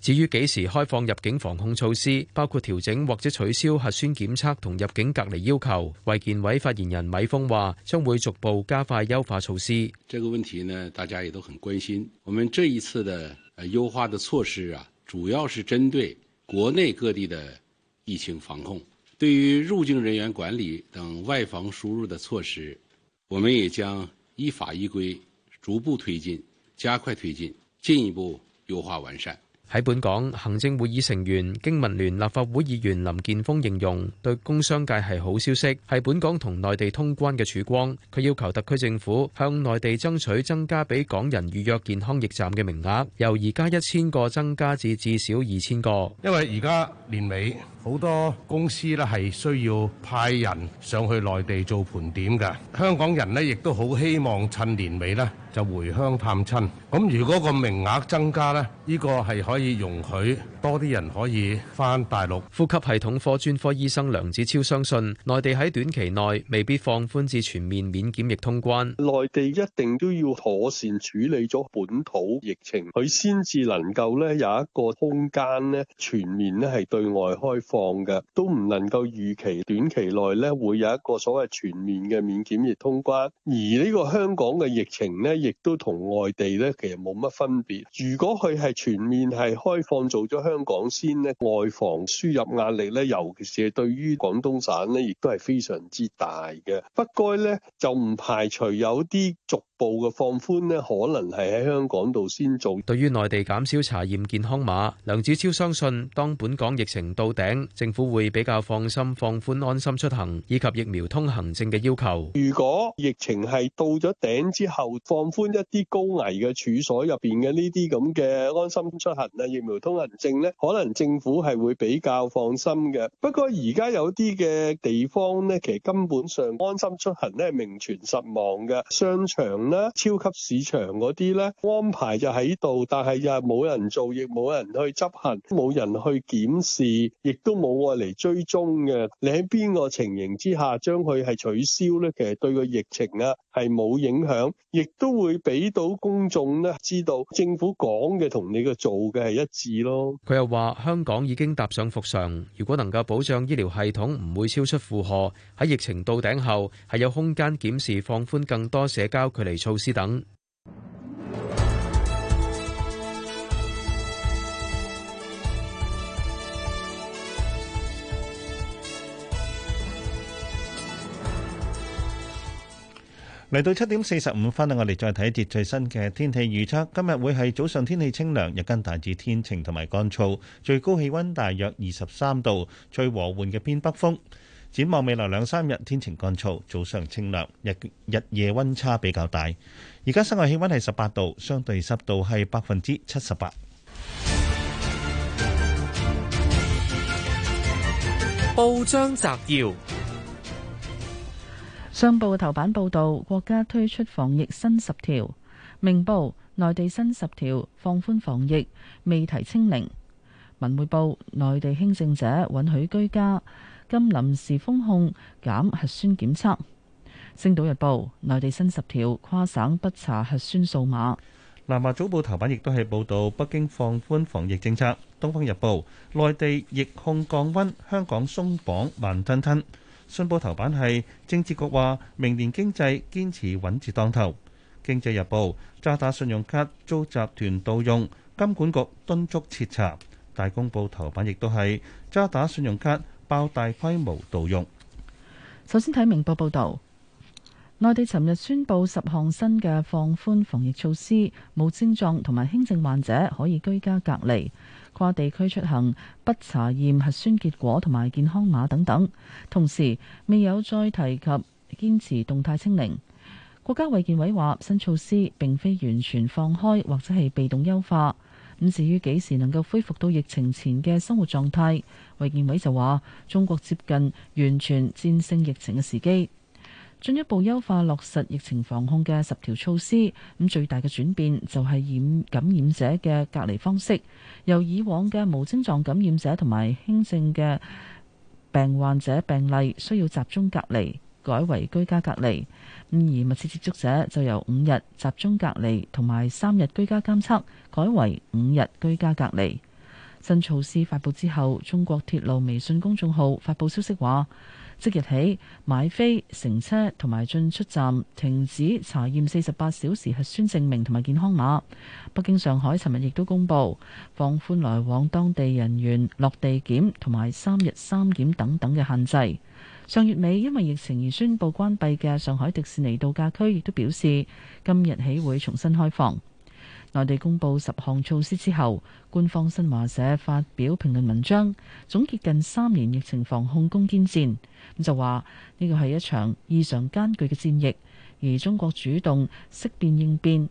至於幾時開放入境防控措施，包括調整或者取消核酸檢測同入境隔離要求，衞健委發言人米峰話：將會逐步加快優化措施。這個問題呢，大家也都很關心。我們這一次的呃優化的措施啊，主要是針對國內各地的疫情防控，對於入境人員管理等外防輸入的措施，我們也將依法依規逐步推進、加快推進、進一步優化完善。喺本港，行政會議成員、經民聯立法會議員林健鋒形容，對工商界係好消息，係本港同內地通關嘅曙光。佢要求特區政府向內地爭取增加俾港人預約健康驛站嘅名額，由而家一千個增加至至少二千個。因為而家年尾，好多公司咧係需要派人上去內地做盤點嘅，香港人呢亦都好希望趁年尾就回鄉探親，咁如果個名額增加咧，呢個係可以容許多啲人可以翻大陸。呼吸系統科專科醫生梁子超相信，內地喺短期內未必放寬至全面免檢疫通關，內地一定都要妥善處理咗本土疫情，佢先至能夠咧有一個空間咧全面咧係對外開放嘅，都唔能夠預期短期內咧會有一個所謂全面嘅免檢疫通關，而呢個香港嘅疫情咧。亦都同外地咧，其實冇乜分別。如果佢係全面係開放做咗香港先咧，外防輸入壓力咧，尤其是對於廣東省咧，亦都係非常之大嘅。不過咧，就唔排除有啲逐步嘅放寬咧，可能係喺香港度先做。對於內地減少查驗健康碼，梁子超相信，當本港疫情到頂，政府會比較放心放寬安心出行以及疫苗通行證嘅要求。如果疫情係到咗頂之後放寬一啲高危嘅處所入邊嘅呢啲咁嘅安心出行啊、疫苗通行證呢，可能政府係會比較放心嘅。不過而家有啲嘅地方呢，其實根本上安心出行呢，係名存實亡嘅。商場啦、超級市場嗰啲呢，安排就喺度，但係又係冇人做，亦冇人去執行，冇人去檢視，亦都冇用嚟追蹤嘅。你喺邊個情形之下將佢係取消呢？其實對個疫情啊係冇影響，亦都。會俾到公眾咧，知道政府講嘅同你嘅做嘅係一致咯。佢又話香港已經踏上復常，如果能夠保障醫療系統唔會超出負荷，喺疫情到頂後係有空間檢視放寬更多社交距離措施等。嚟到七點四十五分啦，我哋再睇一節最新嘅天氣預測。今日會係早上天氣清涼，日間大致天晴同埋乾燥，最高氣溫大約二十三度，最和緩嘅偏北風。展望未來兩三日，天晴乾燥，早上清涼，日日夜溫差比較大。而家室外氣溫係十八度，相對濕度係百分之七十八。報章摘要。商報頭版報道，國家推出防疫新十條。明報內地新十條放寬防疫，未提清零。文匯報內地輕症者允許居家，禁臨時封控，減核酸檢測。星島日報內地新十條跨省不查核酸掃碼。南華早報頭版亦都係報道北京放寬防疫政策。東方日報內地疫控降溫，香港鬆綁慢吞吞。信報頭版係政治局話，明年經濟堅持穩字當頭。經濟日報揸打信用卡遭集團盜用，金管局敦促徹查。大公報頭版亦都係揸打信用卡爆大規模盜用。首先睇明報報導，內地尋日宣布十項新嘅放寬防疫措施，冇症狀同埋輕症患者可以居家隔離。跨地區出行不查驗核酸結果同埋健康碼等等，同時未有再提及堅持動態清零。國家衛健委話新措施並非完全放開或者係被動優化。咁至於幾時能夠恢復到疫情前嘅生活狀態，衛健委就話中國接近完全戰勝疫情嘅時機。進一步優化落實疫情防控嘅十條措施，咁最大嘅轉變就係染感染者嘅隔離方式，由以往嘅無症狀感染者同埋輕症嘅病患者病例需要集中隔離，改為居家隔離。咁而密切接觸者就由五日集中隔離同埋三日居家監測，改為五日居家隔離。新措施發布之後，中國鐵路微信公眾號發布消息話，即日起，買飛、乘車同埋進出站停止查驗四十八小時核酸證明同埋健康碼，北京、上海尋日亦都公布放寬來往當地人員落地檢同埋三日三檢等等嘅限制。上月尾因為疫情而宣布關閉嘅上海迪士尼度假區亦都表示今日起會重新開放。內地公布十項措施之後，官方新華社發表評論文章，總結近三年疫情防控攻堅戰，咁就話呢個係一場異常艱巨嘅戰役，而中國主動識變應變，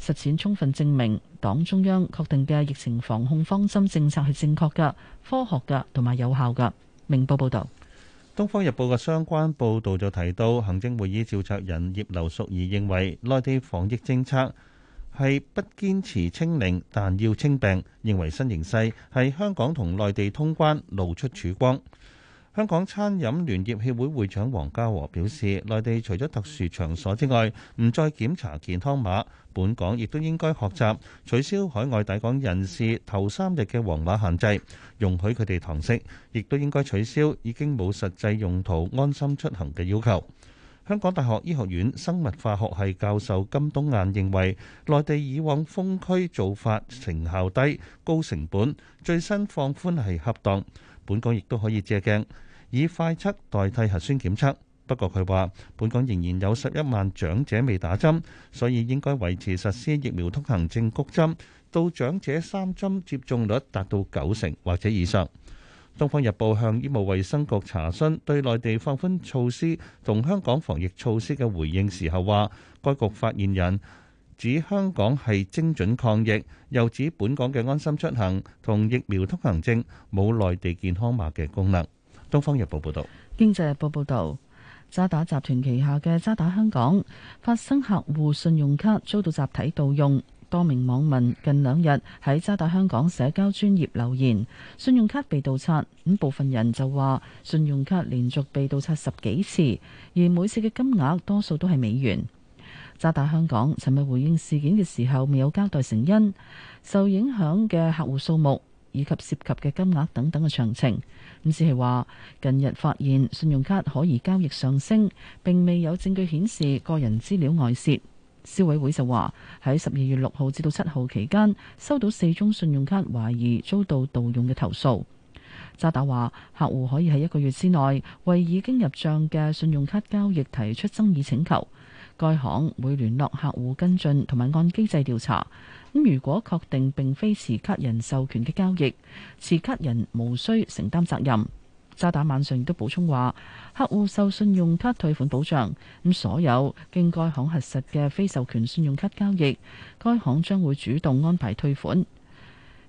實踐充分證明黨中央確定嘅疫情防控方針政策係正確㗎、科學㗎同埋有效㗎。明報報導，《東方日報》嘅相關報導就提到，行政會議召集人葉劉淑儀認為內地防疫政策，係不堅持清零，但要清病，認為新形勢係香港同內地通關露出曙光。香港餐飲聯業協會會長黃家和表示，內地除咗特殊場所之外，唔再檢查健康碼，本港亦都應該學習取消海外抵港人士頭三日嘅黃碼限制，容許佢哋堂食，亦都應該取消已經冇實際用途安心出行嘅要求。香港大學醫學院生物化學系教授金冬雁認為，內地以往封區做法成效低、高成本，最新放寬係恰當。本港亦都可以借鏡，以快測代替核酸檢測。不過佢話，本港仍然有十一萬長者未打針，所以應該維持實施疫苗通行證谷針，到長者三針接種率達到九成或者以上。《東方日報》向醫務衛生局查詢對內地放寬措施同香港防疫措施嘅回應時候，話該局發言人指香港係精準抗疫，又指本港嘅安心出行同疫苗通行證冇內地健康碼嘅功能。《東方日報》報道。《經濟日報》報道，渣打集團旗下嘅渣打香港發生客戶信用卡遭到集體盜用。多名網民近兩日喺渣打香港社交專頁留言，信用卡被盜刷，咁部分人就話信用卡連續被盜刷十幾次，而每次嘅金額多數都係美元。渣打香港尋日回應事件嘅時候，未有交代成因、受影響嘅客戶數目以及涉及嘅金額等等嘅詳情。咁只係話近日發現信用卡可疑交易上升，並未有證據顯示個人資料外泄。消委會就話喺十二月六號至到七號期間，收到四宗信用卡懷疑遭到盜用嘅投訴。渣打話，客戶可以喺一個月之內為已經入賬嘅信用卡交易提出爭議請求，該行會聯絡客戶跟進，同埋按機制調查。咁如果確定並非持卡人授權嘅交易，持卡人無需承擔責任。渣打晚上亦都補充話：客戶受信用卡退款保障，咁所有經該行核實嘅非授權信用卡交易，該行將會主動安排退款。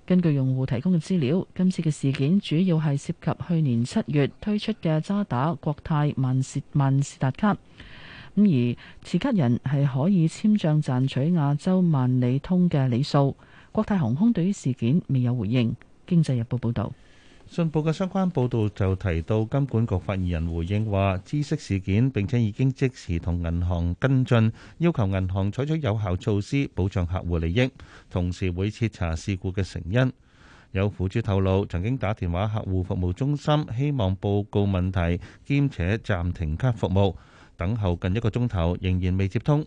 根據用戶提供嘅資料，今次嘅事件主要係涉及去年七月推出嘅渣打國泰萬事萬事達卡，咁而持卡人係可以簽帳賺取亞洲萬里通嘅里數。國泰航空對於事件未有回應。經濟日報報導。信報嘅相關報導就提到，金管局發言人回應話知識事件，並且已經即時同銀行跟進，要求銀行採取有效措施保障客戶利益，同時會徹查事故嘅成因，有輔助透露曾經打電話客戶服務中心，希望報告問題，兼且暫停卡服務，等候近一個鐘頭仍然未接通。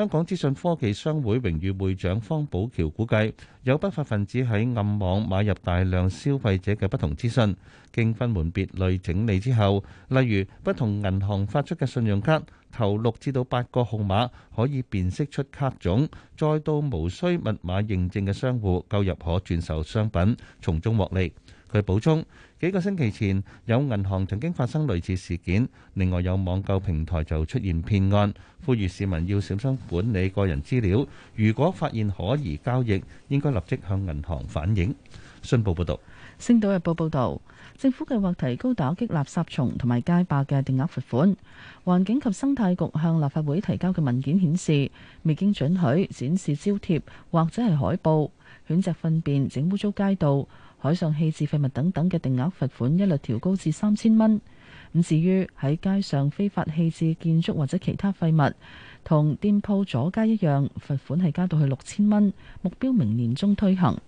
香港資訊科技商會榮譽會長方寶橋估計，有不法分子喺暗網買入大量消費者嘅不同資訊，經分門別類整理之後，例如不同銀行發出嘅信用卡，頭六至到八個號碼可以辨識出卡種，再到無需密碼認證嘅商戶購入可轉售商品，從中獲利。佢補充幾個星期前有銀行曾經發生類似事件，另外有網購平台就出現騙案，呼籲市民要小心管理個人資料。如果發現可疑交易，應該立即向銀行反映。信報報道。《星島日報》報道，政府計劃提高打擊垃圾蟲同埋街霸嘅定額罰款。環境及生態局向立法會提交嘅文件顯示，未經准許展示招貼或者係海報，犬隻糞便整污糟街道。海上棄置廢物等等嘅定額罰款一律調高至三千蚊。咁至於喺街上非法棄置建築或者其他廢物，同店鋪阻街一樣，罰款係加到去六千蚊。目標明年中推行。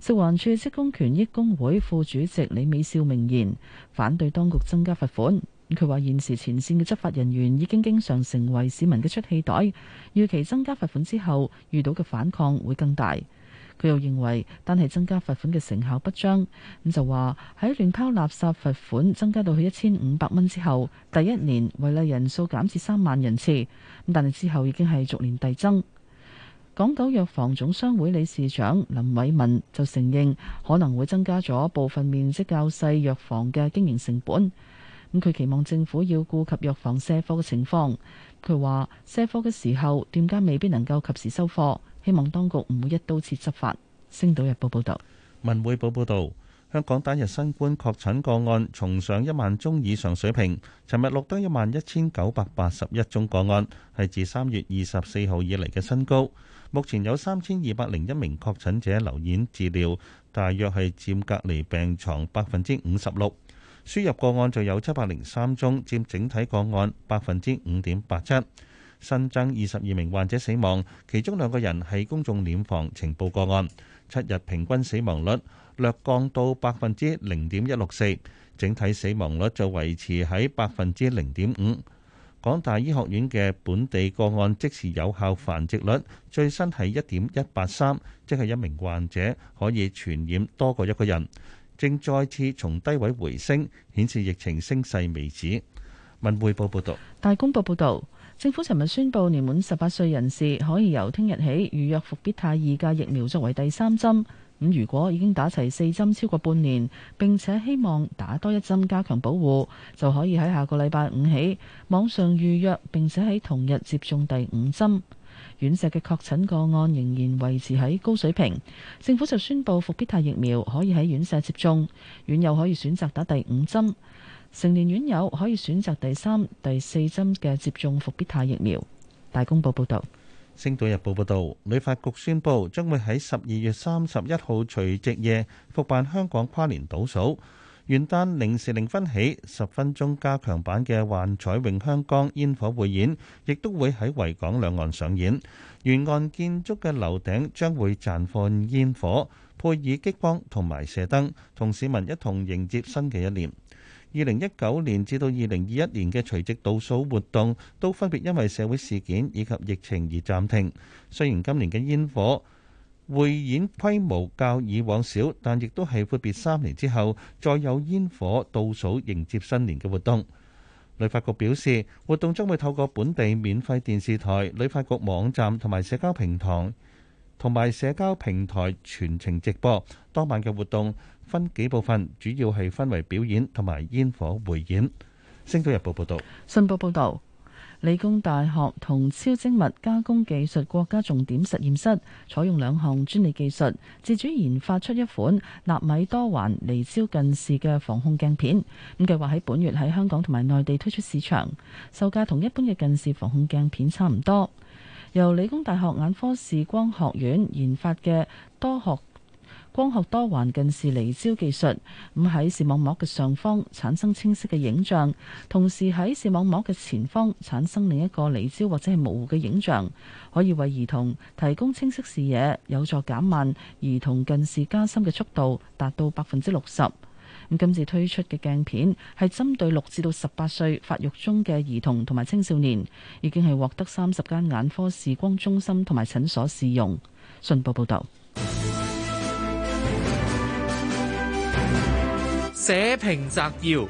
食環署職工權益工會副主席李美少明言，反對當局增加罰款。佢話現時前線嘅執法人員已經經常成為市民嘅出氣袋，預期增加罰款之後遇到嘅反抗會更大。佢又認為單係增加罰款嘅成效不彰，咁就話喺亂拋垃圾罰款增加到去一千五百蚊之後，第一年違例人數減至三萬人次，咁但係之後已經係逐年遞增。港九藥房總商會理事長林偉文就承認可能會增加咗部分面積較細藥房嘅經營成本，咁佢期望政府要顧及藥房卸貨嘅情況。佢話卸貨嘅時候，店家未必能夠及時收貨，希望當局唔會一刀切執法。星島日報報道，文匯報報道，香港單日新冠確診個案重上一萬宗以上水平，尋日錄得一萬一千九百八十一宗個案，係自三月二十四號以嚟嘅新高。目前有三千二百零一名確診者留院治療，大約係佔隔離病床百分之五十六。輸入個案就有七百零三宗，佔整體個案百分之五點八七。新增二十二名患者死亡，其中兩個人係公眾殮房呈報個案。七日平均死亡率略降到百分之零點一六四，整體死亡率就維持喺百分之零點五。港大醫學院嘅本地個案即時有效繁殖率最新係一點一八三，即係一名患者可以傳染多過一個人。正再次從低位回升，顯示疫情升勢未止。文匯報報道，大公報報道，政府尋日宣佈，年滿十八歲人士可以由聽日起預約復必泰二價疫苗作為第三針。咁如果已經打齊四針超過半年，並且希望打多一針加強保護，就可以喺下個禮拜五起網上預約，並且喺同日接種第五針。院舍嘅確診個案仍然維持喺高水平，政府就宣布復必泰疫苗可以喺院舍接種，院友可以選擇打第五針，成年院友可以選擇第三、第四針嘅接種復必泰疫苗。大公報報道，星島日報報道，旅發局宣布將會喺十二月三十一號除夕夜復辦香港跨年倒數。元旦零時零分起，十分鐘加強版嘅幻彩詠香江煙火匯演，亦都會喺維港兩岸上演。沿岸建築嘅樓頂將會綻放煙火，配以激光同埋射燈，同市民一同迎接新嘅一年。二零一九年至到二零二一年嘅除夕倒數活動，都分別因為社會事件以及疫情而暫停。雖然今年嘅煙火匯演規模較以往少，但亦都係闊別三年之後再有煙火倒數迎接新年嘅活動。旅發局表示，活動將會透過本地免費電視台、旅發局網站同埋社交平台同埋社交平台全程直播。當晚嘅活動分幾部分，主要係分為表演同埋煙火匯演。星島日報報道。新報報導。理工大學同超精密加工技術國家重點實驗室採用兩項專利技術，自主研發出一款納米多環離焦近視嘅防控鏡片，咁計劃喺本月喺香港同埋內地推出市場，售價同一般嘅近視防控鏡片差唔多。由理工大學眼科視光學院研發嘅多學光學多環近視離焦技術，咁喺視網膜嘅上方產生清晰嘅影像，同時喺視網膜嘅前方產生另一個離焦或者係模糊嘅影像，可以為兒童提供清晰視野，有助減慢兒童近視加深嘅速度達，達到百分之六十。咁今次推出嘅鏡片係針對六至到十八歲發育中嘅兒童同埋青少年，已經係獲得三十間眼科視光中心同埋診所試用。信報報道。社評摘要：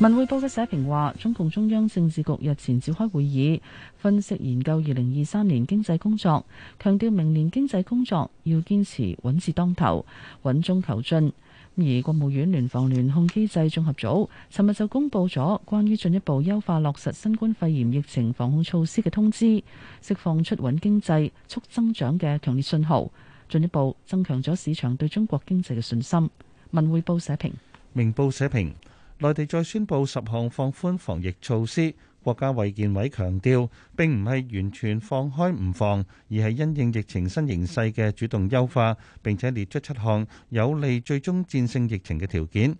文匯報嘅社評話，中共中央政治局日前召開會議，分析研究二零二三年經濟工作，強調明年經濟工作要堅持穩字當頭、穩中求進而國務院聯防聯控機制綜合組尋日就公布咗關於進一步優化落實新冠肺炎疫情防控措施嘅通知，釋放出穩經濟、促增長嘅強烈信號，進一步增強咗市場對中國經濟嘅信心。文匯報社評。明報社評，內地再宣布十項放寬防疫措施，國家衛健委強調，並唔係完全放開唔防，而係因應疫情新形勢嘅主動優化，並且列出七項有利最終戰勝疫情嘅條件。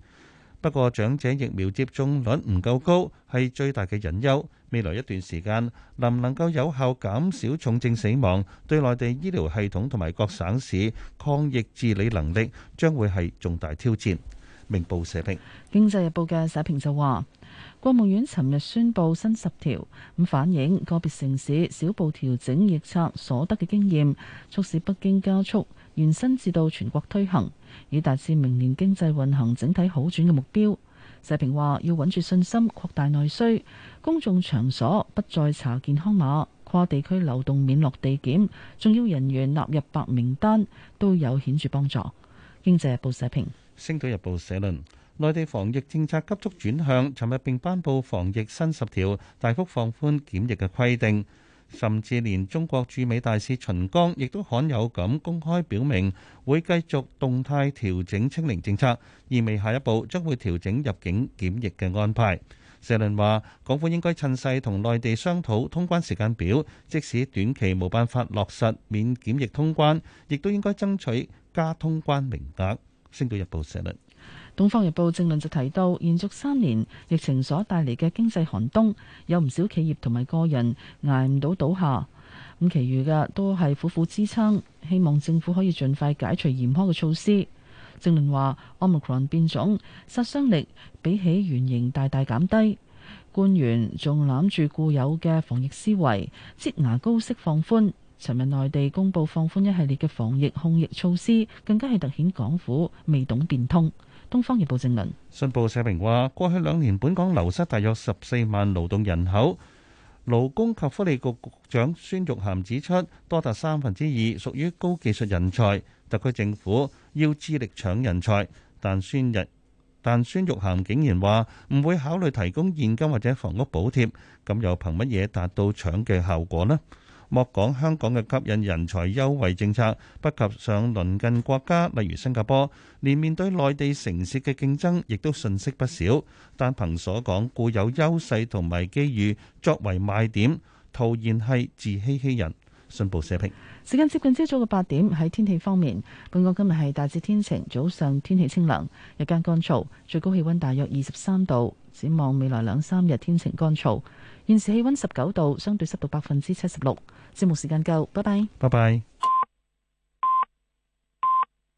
不過，長者疫苗接種率唔夠高係最大嘅隱憂。未來一段時間，能唔能夠有效減少重症死亡，對內地醫療系統同埋各省市抗疫治理能力將會係重大挑戰。明報社評。《經濟日報》嘅社評就話，國務院尋日宣布新十條，咁反映個別城市小步調整疫策所得嘅經驗，促使北京加速延伸至到全國推行。以達至明年經濟運行整體好轉嘅目標。社評話要穩住信心，擴大內需，公眾場所不再查健康碼，跨地區流動免落地檢，重要人員納入白名單，都有顯著幫助。經濟日報社評。星島日報社論，內地防疫政策急速轉向，尋日並頒布防疫新十條，大幅放寬檢疫嘅規定。甚至連中國駐美大使秦剛亦都罕有咁公開表明會繼續動態調整清零政策，意味下一步將會調整入境檢疫嘅安排。社論話：港府應該趁勢同內地商討通關時間表，即使短期冇辦法落實免檢疫通關，亦都應該爭取加通關名額。星島日報社論。《東方日報》正論就提到，連續三年疫情所帶嚟嘅經濟寒冬，有唔少企業同埋個人捱唔到倒下。咁，其餘嘅都係苦苦支撐，希望政府可以盡快解除嚴苛嘅措施。正論話，Omicron 變種，殺傷力比起原形大大減低，官員仲攬住固有嘅防疫思維，擠牙膏式放寬。尋日內地公布放寬一系列嘅防疫控疫措施，更加係突顯港府未懂變通。東方日報政論，信報社評，話，過去兩年本港流失大約十四萬勞動人口，勞工及福利局局，局長孫玉涵指出，多達三分之二屬於高技術人才，特區政府要致力搶人才，但孫人但孫玉涵竟然話唔會考慮提供現金或者房屋補貼，咁又憑乜嘢達到搶嘅效果呢？莫講香港嘅吸引人才優惠政策不及上鄰近國家，例如新加坡，連面對內地城市嘅競爭，亦都遜色不少。單憑所講固有優勢同埋機遇作為賣點，徒然係自欺欺人。信報社評。時間接近朝早嘅八點，喺天氣方面，本港今日係大致天晴，早上天氣清涼，日間乾燥，最高氣温大約二十三度。展望未來兩三日天晴乾燥。現時氣温十九度，相對濕度百分之七十六。節目時間夠，拜拜，拜拜。